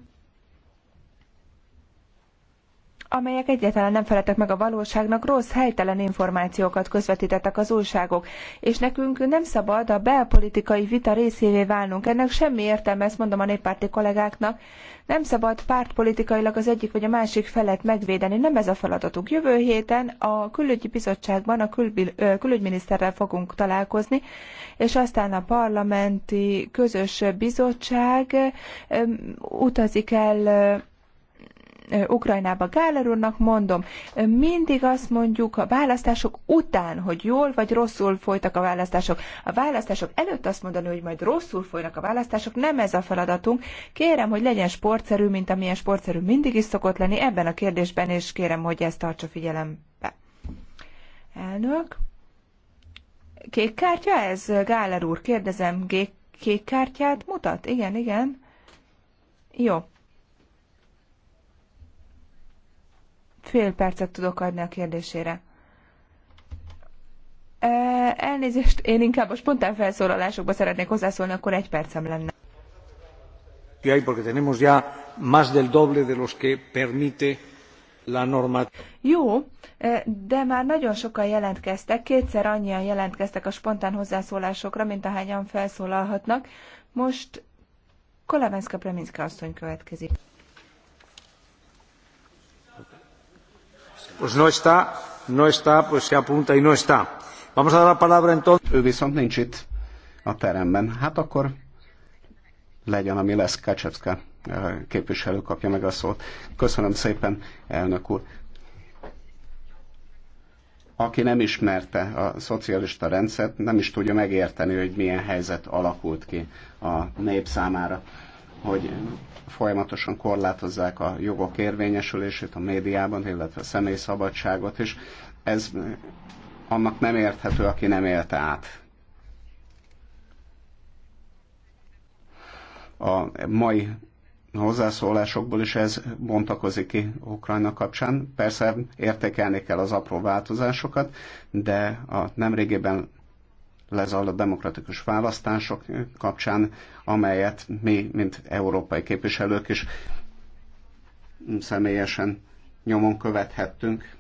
amelyek egyáltalán nem feleltek meg a valóságnak, rossz, helytelen információkat közvetítettek az újságok, és nekünk nem szabad a belpolitikai vita részévé válnunk. Ennek semmi értelme, ezt mondom a néppárti kollégáknak. Nem szabad pártpolitikailag az egyik vagy a másik felet megvédeni, nem ez a feladatunk. Jövő héten a külügyi bizottságban a külbil, külügyminiszterrel fogunk találkozni, és aztán a parlamenti közös bizottság utazik el Ukrajnába. Gáler úrnak mondom, mindig azt mondjuk a választások után, hogy jól vagy rosszul folytak a választások. A választások előtt azt mondani, hogy majd rosszul folynak a választások, nem ez a feladatunk. Kérem, hogy legyen sportszerű, mint amilyen sportszerű mindig is szokott lenni ebben a kérdésben, és kérem, hogy ezt tartsa figyelembe. Elnök. Kék kártya ez, Gáler úr? Kérdezem, kék, kék kártyát mutat? Igen, igen. Jó. fél percet tudok adni a kérdésére. E, Elnézést, én inkább a spontán felszólalásokba szeretnék hozzászólni, akkor egy percem lenne. Jó, de már nagyon sokan jelentkeztek, kétszer annyian jelentkeztek a spontán hozzászólásokra, mint ahányan felszólalhatnak. Most Kolevenszka Preminszka asszony következik. a Ő viszont nincs itt a teremben. Hát akkor legyen, ami lesz, Kacsevszka eh, képviselő kapja meg a szót. Köszönöm szépen, elnök úr. Aki nem ismerte a szocialista rendszert, nem is tudja megérteni, hogy milyen helyzet alakult ki a nép számára hogy folyamatosan korlátozzák a jogok érvényesülését a médiában, illetve a személyszabadságot is. Ez annak nem érthető, aki nem élte át. A mai hozzászólásokból is ez bontakozik ki Ukrajna kapcsán. Persze értékelni kell az apró változásokat, de a nemrégiben lezajlott demokratikus választások kapcsán, amelyet mi, mint európai képviselők is személyesen nyomon követhettünk.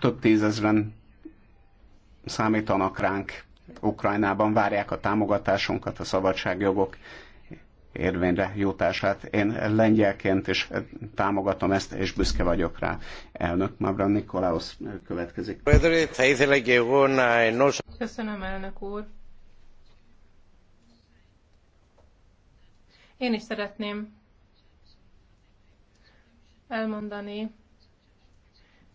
Több tízezren számítanak ránk Ukrajnában, várják a támogatásunkat, a szabadságjogok érvényre jutását. Én lengyelként is támogatom ezt, és büszke vagyok rá. Elnök Mavran Nikolaos következik. Köszönöm, elnök úr. Én is szeretném elmondani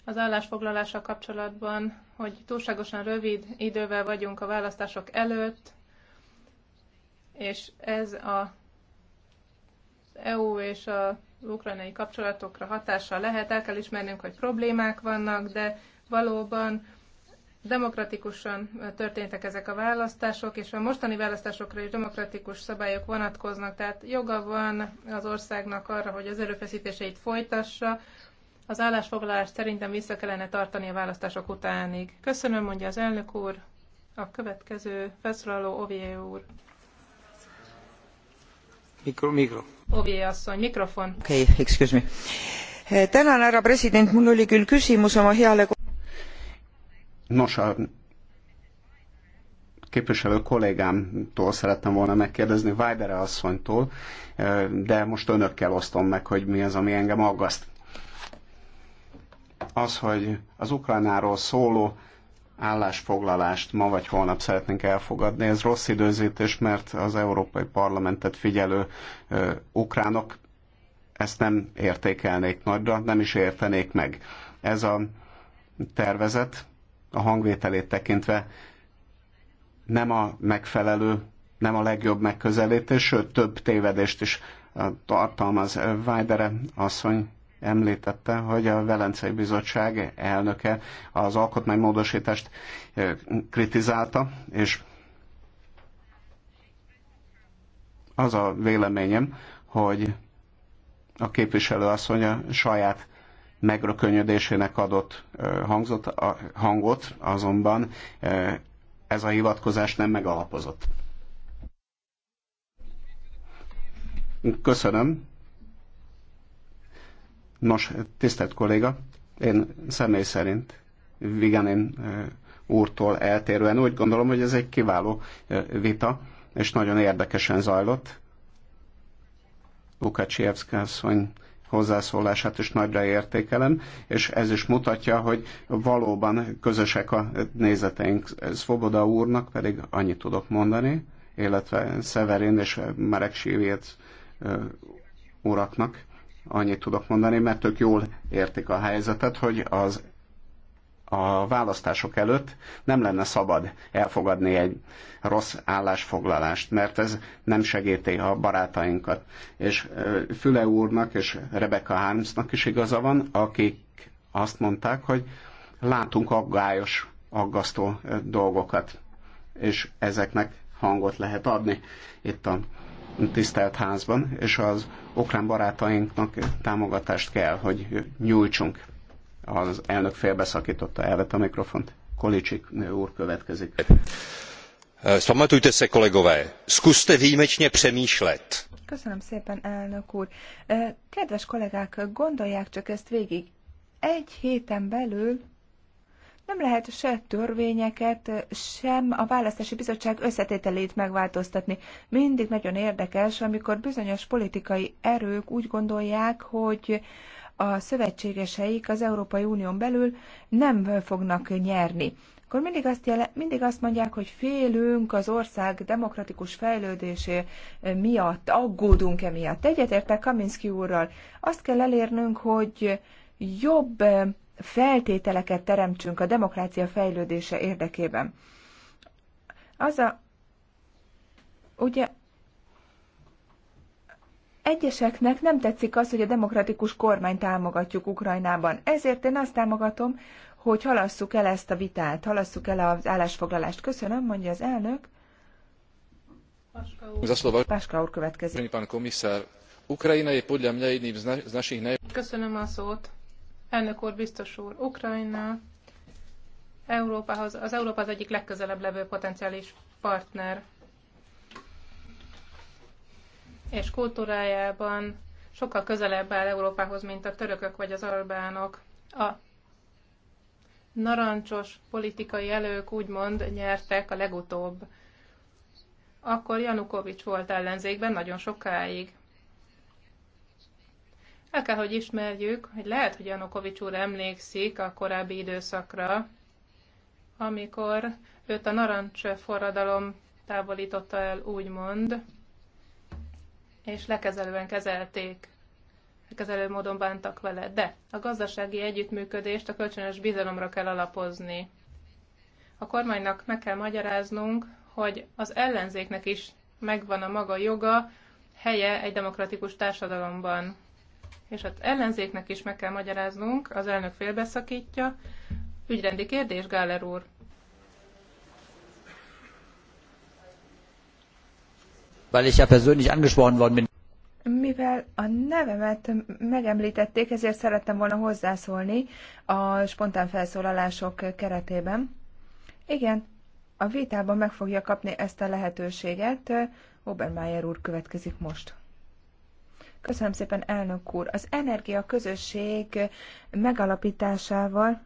az állásfoglalással kapcsolatban, hogy túlságosan rövid idővel vagyunk a választások előtt, és ez a EU és a ukrajnai kapcsolatokra hatással lehet. El kell ismernünk, hogy problémák vannak, de valóban demokratikusan történtek ezek a választások, és a mostani választásokra is demokratikus szabályok vonatkoznak, tehát joga van az országnak arra, hogy az erőfeszítéseit folytassa. Az állásfoglalást szerintem vissza kellene tartani a választások utánig. Köszönöm, mondja az elnök úr. A következő felszólaló Ovié úr. Mikro, mikro. Tänan, härra president, mul oli küll küsimus oma heale... Nos, a képviselő kollégámtól szerettem volna megkérdezni, Vajdere asszonytól, de most önökkel osztom meg, hogy mi az, ami engem aggaszt. Az, hogy az Ukrajnáról szóló állásfoglalást ma vagy holnap szeretnénk elfogadni. Ez rossz időzítés, mert az Európai Parlamentet figyelő ö, ukránok ezt nem értékelnék nagyra, nem is értenék meg. Ez a tervezet a hangvételét tekintve nem a megfelelő, nem a legjobb megközelítés, sőt több tévedést is tartalmaz. Vájdere asszony említette, hogy a Velencei Bizottság elnöke az alkotmánymódosítást kritizálta, és az a véleményem, hogy a képviselő asszony saját megrökönyödésének adott hangzott, hangot, azonban ez a hivatkozás nem megalapozott. Köszönöm. Nos, tisztelt kolléga, én személy szerint Viganin úrtól eltérően úgy gondolom, hogy ez egy kiváló vita, és nagyon érdekesen zajlott. Lukácsievszka asszony hozzászólását is nagyra értékelem, és ez is mutatja, hogy valóban közösek a nézeteink. Svoboda úrnak pedig annyit tudok mondani, illetve Severin és Marek Sivét uraknak, annyit tudok mondani, mert ők jól értik a helyzetet, hogy az a választások előtt nem lenne szabad elfogadni egy rossz állásfoglalást, mert ez nem segíti a barátainkat. És Füle úrnak és Rebecca Harmsnak is igaza van, akik azt mondták, hogy látunk aggályos, aggasztó dolgokat, és ezeknek hangot lehet adni itt a tisztelt házban, és az ukrán barátainknak támogatást kell, hogy nyújtsunk. Az elnök félbeszakította, elvet a mikrofont. Kolicsik úr következik. Pamatujte se, kolegové, zkuste výjimečně přemýšlet. Köszönöm szépen, elnök úr. Kedves kollégák, gondolják csak ezt végig. Egy héten belül nem lehet se törvényeket, sem a választási bizottság összetételét megváltoztatni. Mindig nagyon érdekes, amikor bizonyos politikai erők úgy gondolják, hogy a szövetségeseik az Európai Unión belül nem fognak nyerni. Akkor mindig azt, jele, mindig azt mondják, hogy félünk az ország demokratikus fejlődésé eh, miatt, aggódunk emiatt. Egyetértek Kaminski úrral. Azt kell elérnünk, hogy jobb eh, feltételeket teremtsünk a demokrácia fejlődése érdekében. Az a, ugye Egyeseknek nem tetszik az, hogy a demokratikus kormány támogatjuk Ukrajnában. Ezért én azt támogatom, hogy halasszuk el ezt a vitát, halasszuk el az állásfoglalást. Köszönöm, mondja az elnök. Paska úr, Paska úr következik. Ukrajna Köszönöm a szót. Elnök úr, biztos úr, Ukrajna Európához, az Európa az egyik legközelebb levő potenciális partner, és kultúrájában sokkal közelebb áll Európához, mint a törökök vagy az albánok. A narancsos politikai elők úgymond nyertek a legutóbb. Akkor Janukovics volt ellenzékben nagyon sokáig. El kell, hogy ismerjük, hogy lehet, hogy Janukovics úr emlékszik a korábbi időszakra, amikor őt a narancs forradalom távolította el, úgymond, és lekezelően kezelték, lekezelő módon bántak vele. De a gazdasági együttműködést a kölcsönös bizalomra kell alapozni. A kormánynak meg kell magyaráznunk, hogy az ellenzéknek is megvan a maga joga, helye egy demokratikus társadalomban és az ellenzéknek is meg kell magyaráznunk, az elnök félbeszakítja. Ügyrendi kérdés, Gáler úr. Mivel a nevemet megemlítették, ezért szerettem volna hozzászólni a spontán felszólalások keretében. Igen, a vitában meg fogja kapni ezt a lehetőséget. Obermeier úr következik most. Köszönöm szépen, elnök úr. Az energia közösség megalapításával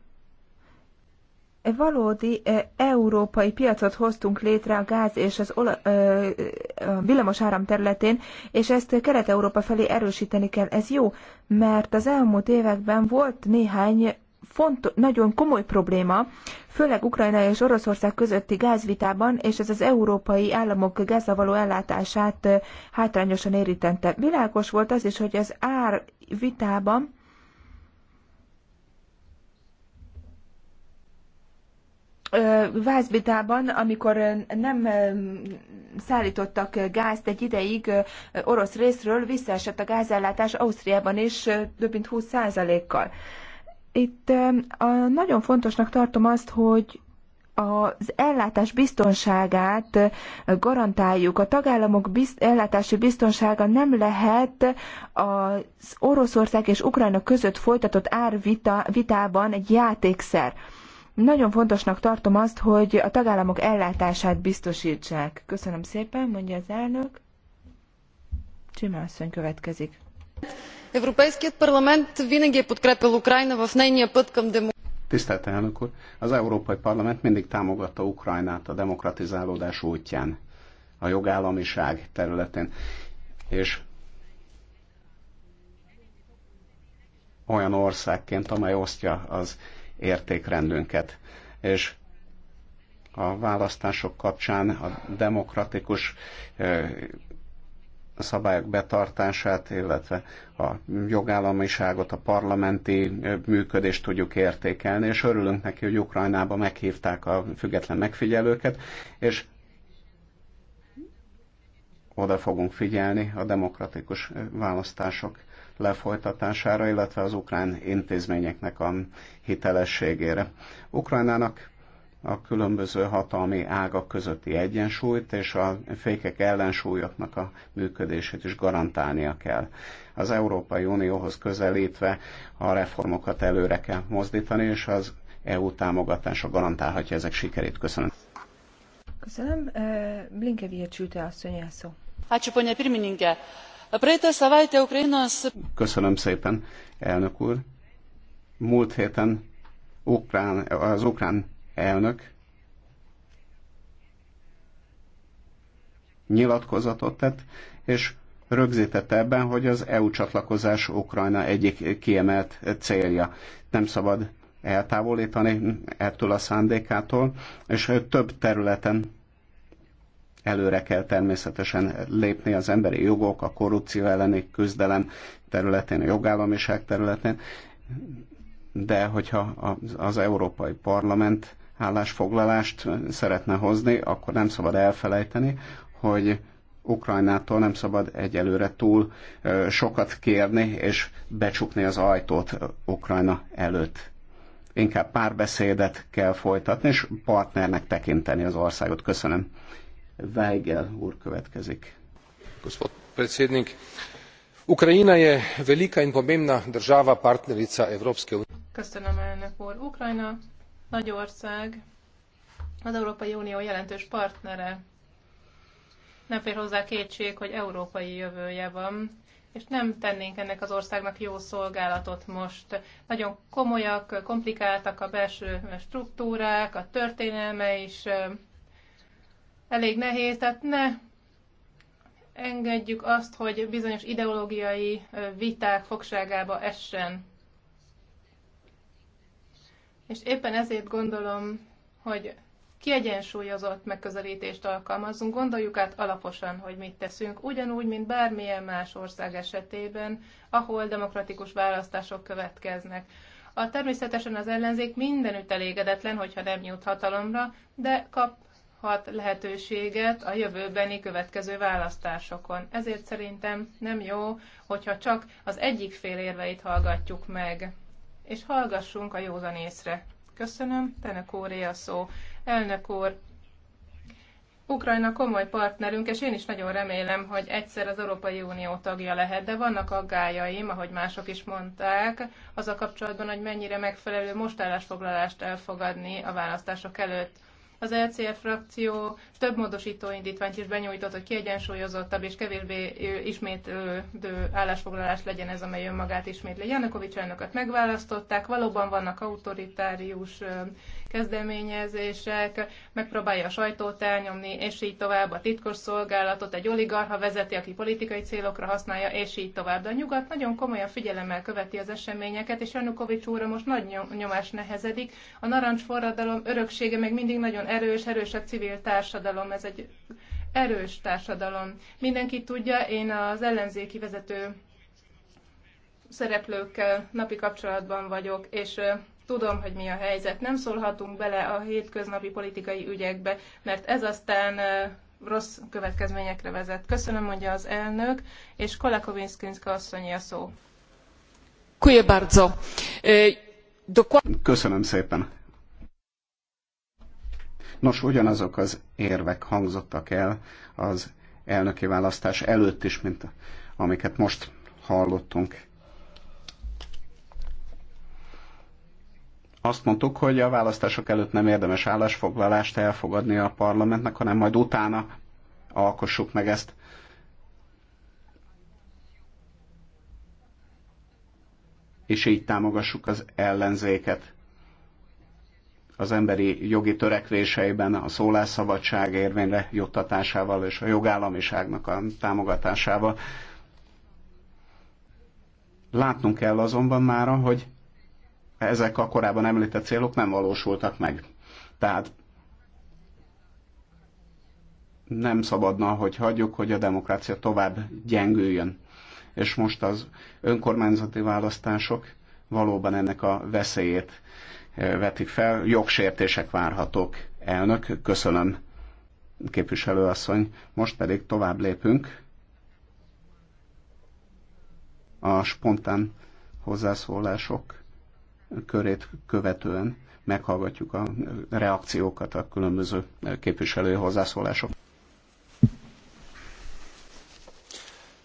valódi eh, európai piacot hoztunk létre a gáz és az ola, ö, eh, eh, a villamos áram területén, és ezt Kelet-Európa felé erősíteni kell. Ez jó, mert az elmúlt években volt néhány font, nagyon komoly probléma, főleg Ukrajna és Oroszország közötti gázvitában, és ez az európai államok gázzal való ellátását hátrányosan érintette. Világos volt az is, hogy az ár vitában Vászbitában, amikor nem szállítottak gázt egy ideig orosz részről, visszaesett a gázellátás Ausztriában is több mint 20%-kal. Itt nagyon fontosnak tartom azt, hogy az ellátás biztonságát eh, garantáljuk. A tagállamok biz, ellátási biztonsága nem lehet az Oroszország és Ukrajna között folytatott árvitában egy játékszer. Nagyon fontosnak tartom azt, hogy a tagállamok ellátását biztosítsák. Köszönöm szépen, mondja az elnök. Csimászony következik. Европейският парламент винаги е подкрепил Украина в нейния път към демокрация. Tisztelt elnök úr, az Európai Parlament mindig támogatta Ukrajnát a demokratizálódás útján, a jogállamiság területén, és olyan országként, amely osztja az értékrendünket. És a választások kapcsán a demokratikus eh, szabályok betartását, illetve a jogállamiságot, a parlamenti működést tudjuk értékelni, és örülünk neki, hogy Ukrajnába meghívták a független megfigyelőket, és oda fogunk figyelni a demokratikus választások lefolytatására, illetve az ukrán intézményeknek a hitelességére. Ukrajnának a különböző hatalmi ágak közötti egyensúlyt és a fékek ellensúlyoknak a működését is garantálnia kell. Az Európai Unióhoz közelítve a reformokat előre kell mozdítani, és az EU támogatása garantálhatja ezek sikerét. Köszönöm. Köszönöm. Blinkevics Jute asszony szó. Ačiū, ponia pirmininkė. Praeitą savaitę Ukrainos... Köszönöm szépen, elnök úr. Múlt héten ukrán, az ukrán elnök nyilatkozatot tett, és rögzítette ebben, hogy az EU csatlakozás Ukrajna egyik kiemelt célja. Nem szabad eltávolítani ettől a szándékától, és több területen előre kell természetesen lépni az emberi jogok, a korrupció elleni küzdelem területén, a jogállamiság területén, de hogyha az Európai Parlament állásfoglalást szeretne hozni, akkor nem szabad elfelejteni, hogy Ukrajnától nem szabad egyelőre túl sokat kérni és becsukni az ajtót Ukrajna előtt. Inkább párbeszédet kell folytatni, és partnernek tekinteni az országot. Köszönöm. Weigel úr következik. Gospod je velika in pomembna država partnerica Evropske unije. Köszönöm elnök úr. Ukrajna nagy ország, az Európai Unió jelentős partnere. Nem fér hozzá kétség, hogy európai jövője van, és nem tennénk ennek az országnak jó szolgálatot most. Nagyon komolyak, komplikáltak a belső struktúrák, a történelme is elég nehéz, tehát ne engedjük azt, hogy bizonyos ideológiai viták fogságába essen. És éppen ezért gondolom, hogy kiegyensúlyozott megközelítést alkalmazunk, gondoljuk át alaposan, hogy mit teszünk, ugyanúgy, mint bármilyen más ország esetében, ahol demokratikus választások következnek. A természetesen az ellenzék mindenütt elégedetlen, hogyha nem jut hatalomra, de kaphat lehetőséget a jövőbeni következő választásokon. Ezért szerintem nem jó, hogyha csak az egyik fél érveit hallgatjuk meg és hallgassunk a józan észre. Köszönöm, Tenek a szó. Elnök úr, Ukrajna komoly partnerünk, és én is nagyon remélem, hogy egyszer az Európai Unió tagja lehet, de vannak aggájaim, ahogy mások is mondták, az a kapcsolatban, hogy mennyire megfelelő most állásfoglalást elfogadni a választások előtt. Az LCR e frakció több módosító indítványt is benyújtott, hogy kiegyensúlyozottabb és kevésbé ismétlődő állásfoglalás legyen ez, amely önmagát ismétli. Janukovics elnököt megválasztották, valóban vannak autoritárius kezdeményezések, megpróbálja a sajtót elnyomni, és így tovább a titkos szolgálatot, egy oligarha vezeti, aki politikai célokra használja, és így tovább. De a nyugat nagyon komolyan figyelemmel követi az eseményeket, és Janukovics úrra most nagy nyomás nehezedik. A narancs forradalom öröksége még mindig nagyon erős, erős a civil társadalom, ez egy erős társadalom. Mindenki tudja, én az ellenzéki vezető szereplőkkel napi kapcsolatban vagyok, és Tudom, hogy mi a helyzet. Nem szólhatunk bele a hétköznapi politikai ügyekbe, mert ez aztán rossz következményekre vezet. Köszönöm, mondja az elnök, és Kolakovinszkinszka asszonyi a szó. E, Köszönöm szépen. Nos, ugyanazok az érvek hangzottak el az elnöki választás előtt is, mint amiket most hallottunk. azt mondtuk, hogy a választások előtt nem érdemes állásfoglalást elfogadni a parlamentnek, hanem majd utána alkossuk meg ezt. És így támogassuk az ellenzéket az emberi jogi törekvéseiben, a szólásszabadság érvényre juttatásával és a jogállamiságnak a támogatásával. Látnunk kell azonban már, hogy ezek a korábban említett célok nem valósultak meg. Tehát nem szabadna, hogy hagyjuk, hogy a demokrácia tovább gyengüljön. És most az önkormányzati választások valóban ennek a veszélyét eh, vetik fel. Jogsértések várhatók. Elnök, köszönöm, képviselőasszony. Most pedig tovább lépünk a spontán hozzászólások körét követően meghallgatjuk a reakciókat a különböző képviselői hozzászólások.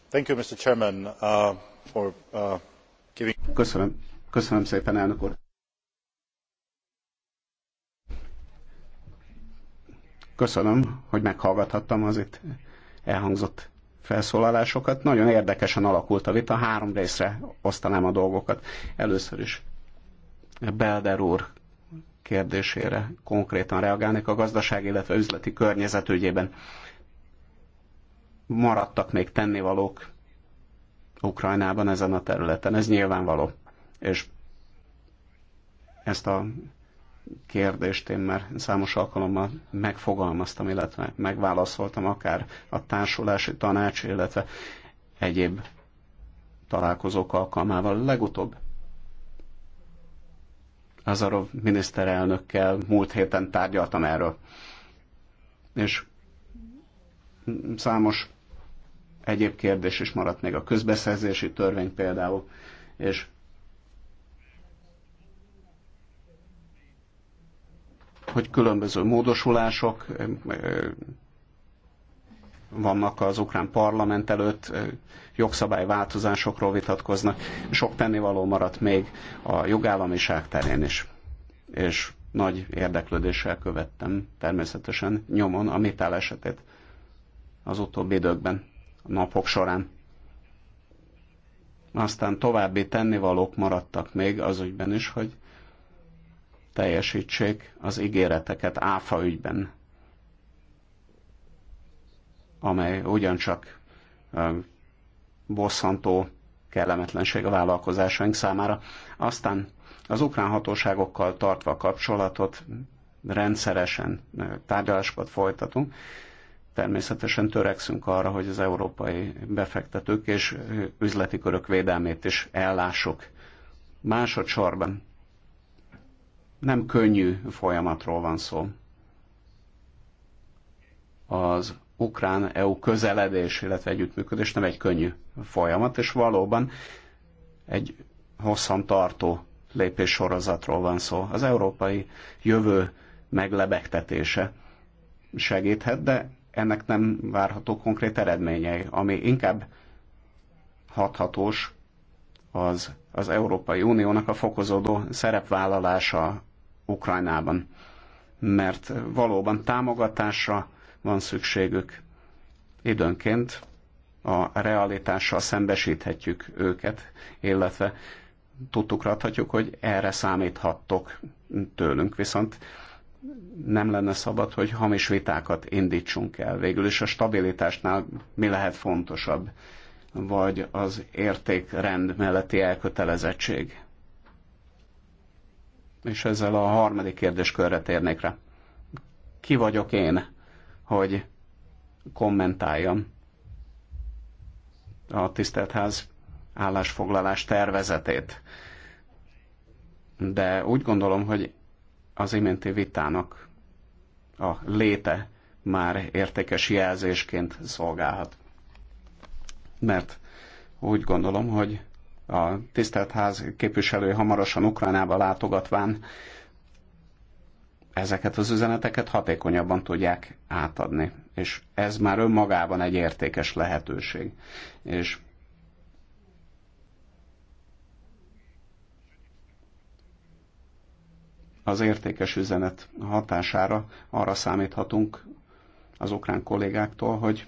Thank you, Mr. Chairman, uh, for, uh, giving... Köszönöm. Köszönöm szépen, elnök úr. Köszönöm, hogy meghallgathattam az itt elhangzott felszólalásokat. Nagyon érdekesen alakult a vita, három részre osztanám a dolgokat. Először is Belder úr kérdésére konkrétan reagálnék a gazdaság, illetve üzleti környezet ügyében. Maradtak még tennivalók Ukrajnában ezen a területen, ez nyilvánvaló. És ezt a kérdést én már számos alkalommal megfogalmaztam, illetve megválaszoltam akár a társulási tanács, illetve egyéb találkozók alkalmával. Legutóbb Azarov miniszterelnökkel múlt héten tárgyaltam erről. És számos egyéb kérdés is maradt még a közbeszerzési törvény például, és hogy különböző módosulások vannak az ukrán parlament előtt, jogszabályváltozásokról vitatkoznak. Sok tennivaló maradt még a jogállamiság terén is. És nagy érdeklődéssel követtem természetesen nyomon a Mitál esetét az utóbbi időkben, a napok során. Aztán további tennivalók maradtak még az ügyben is, hogy teljesítsék az ígéreteket áfa ügyben, amely ugyancsak bosszantó kellemetlenség a vállalkozásaink számára. Aztán az ukrán hatóságokkal tartva a kapcsolatot rendszeresen tárgyalásokat folytatunk. Természetesen törekszünk arra, hogy az európai befektetők és üzleti körök védelmét is ellássuk. Másodszorban nem könnyű folyamatról van szó. Az ukrán-EU közeledés, illetve együttműködés nem egy könnyű folyamat, és valóban egy hosszan tartó lépéssorozatról van szó. Az európai jövő meglebegtetése segíthet, de ennek nem várható konkrét eredményei, ami inkább hathatós az, az Európai Uniónak a fokozódó szerepvállalása Ukrajnában. Mert valóban támogatásra, van szükségük. Időnként a realitással szembesíthetjük őket, illetve tudtukra adhatjuk, hogy erre számíthattok tőlünk, viszont nem lenne szabad, hogy hamis vitákat indítsunk el. Végül is a stabilitásnál mi lehet fontosabb, vagy az értékrend melletti elkötelezettség. És ezzel a harmadik kérdéskörre térnék rá. Ki vagyok én? hogy kommentáljam a tiszteltház állásfoglalás tervezetét. De úgy gondolom, hogy az iménti vitának a léte már értékes jelzésként szolgálhat. Mert úgy gondolom, hogy a tisztelt ház képviselő hamarosan Ukrajnába látogatván ezeket az üzeneteket hatékonyabban tudják átadni. És ez már önmagában egy értékes lehetőség. És az értékes üzenet hatására arra számíthatunk az ukrán kollégáktól, hogy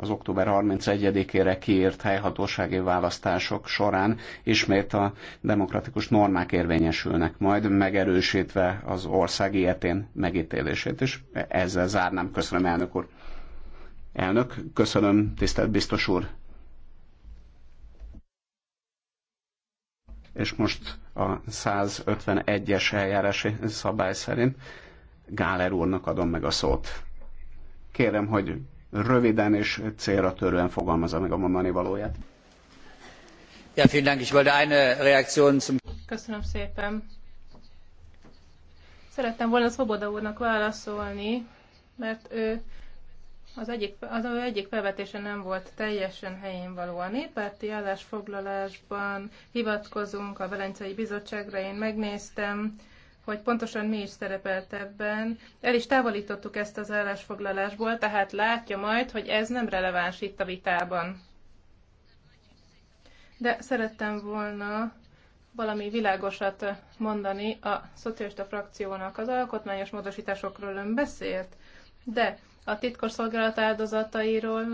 az október 31-ére kiírt helyhatósági választások során ismét a demokratikus normák érvényesülnek, majd megerősítve az ország ilyetén megítélését, és ezzel zárnám. Köszönöm, elnök úr. Elnök, köszönöm, tisztelt biztos úr. És most a 151-es eljárási szabály szerint Gáler úrnak adom meg a szót. Kérem, hogy röviden és célra törően fogalmazza meg a mondani valóját. Ja, vielen Dank. Ich wollte eine Reaktion zum... Köszönöm szépen. Szerettem volna Szoboda úrnak válaszolni, mert ő az egyik, az ő egyik felvetése nem volt teljesen helyén való. A néppárti állásfoglalásban hivatkozunk a Velencei Bizottságra, én megnéztem, hogy pontosan mi is szerepelt ebben. El is távolítottuk ezt az állásfoglalásból, tehát látja majd, hogy ez nem releváns itt a vitában. De szerettem volna valami világosat mondani a szocialista frakciónak. Az alkotmányos módosításokról ön beszélt, de a titkos szolgálat áldozatairól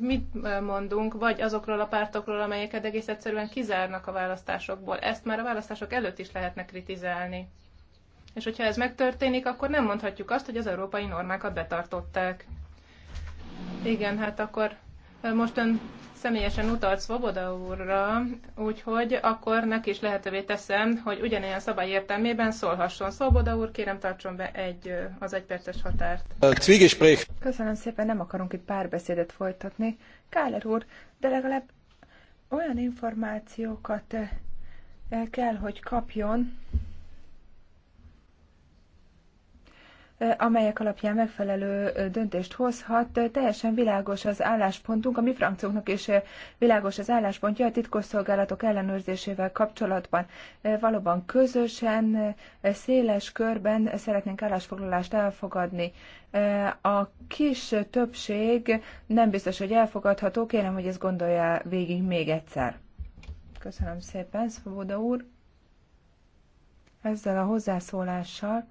mit mondunk, vagy azokról a pártokról, amelyeket egész egyszerűen kizárnak a választásokból. Ezt már a választások előtt is lehetne kritizálni. És hogyha ez megtörténik, akkor nem mondhatjuk azt, hogy az európai normákat betartották. Igen, hát akkor most ön személyesen utalt Svoboda úrra, úgyhogy akkor neki is lehetővé teszem, hogy ugyanilyen szabály értelmében szólhasson. Svoboda úr, kérem tartson be egy, az egyperces határt. Köszönöm szépen, nem akarunk itt párbeszédet folytatni. Káler úr, de legalább olyan információkat eh, kell, hogy kapjon, Eh, amelyek alapján megfelelő eh, döntést hozhat. Teljesen világos az álláspontunk, a mi frankcióknak is eh, világos az álláspontja a titkosszolgálatok ellenőrzésével kapcsolatban. Valóban közösen, széles körben szeretnénk állásfoglalást elfogadni. A kis többség nem biztos, hogy elfogadható. Kérem, hogy ezt gondolja végig még egyszer. Köszönöm szépen, Szvoboda úr. Ezzel a hozzászólással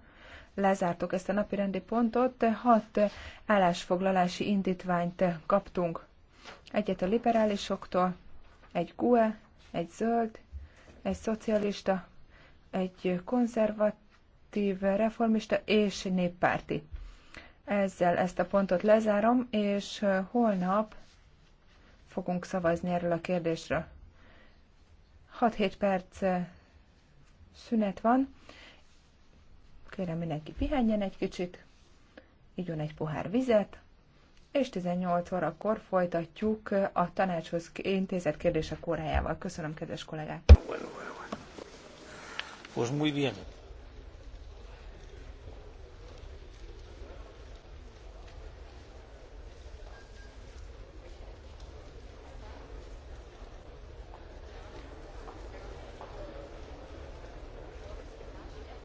lezártuk ezt a napirendi pontot, hat állásfoglalási indítványt kaptunk. Egyet a liberálisoktól, egy GUE, egy zöld, egy szocialista, egy konzervatív reformista és néppárti. Ezzel ezt a pontot lezárom, és holnap fogunk szavazni erről a kérdésről. 6-7 perc szünet van. Kérem mindenki pihenjen egy kicsit, igyon egy pohár vizet, és 18 órakor folytatjuk a tanácshoz intézett kérdések órájával. Köszönöm, kedves kollégák! Pues muy bien.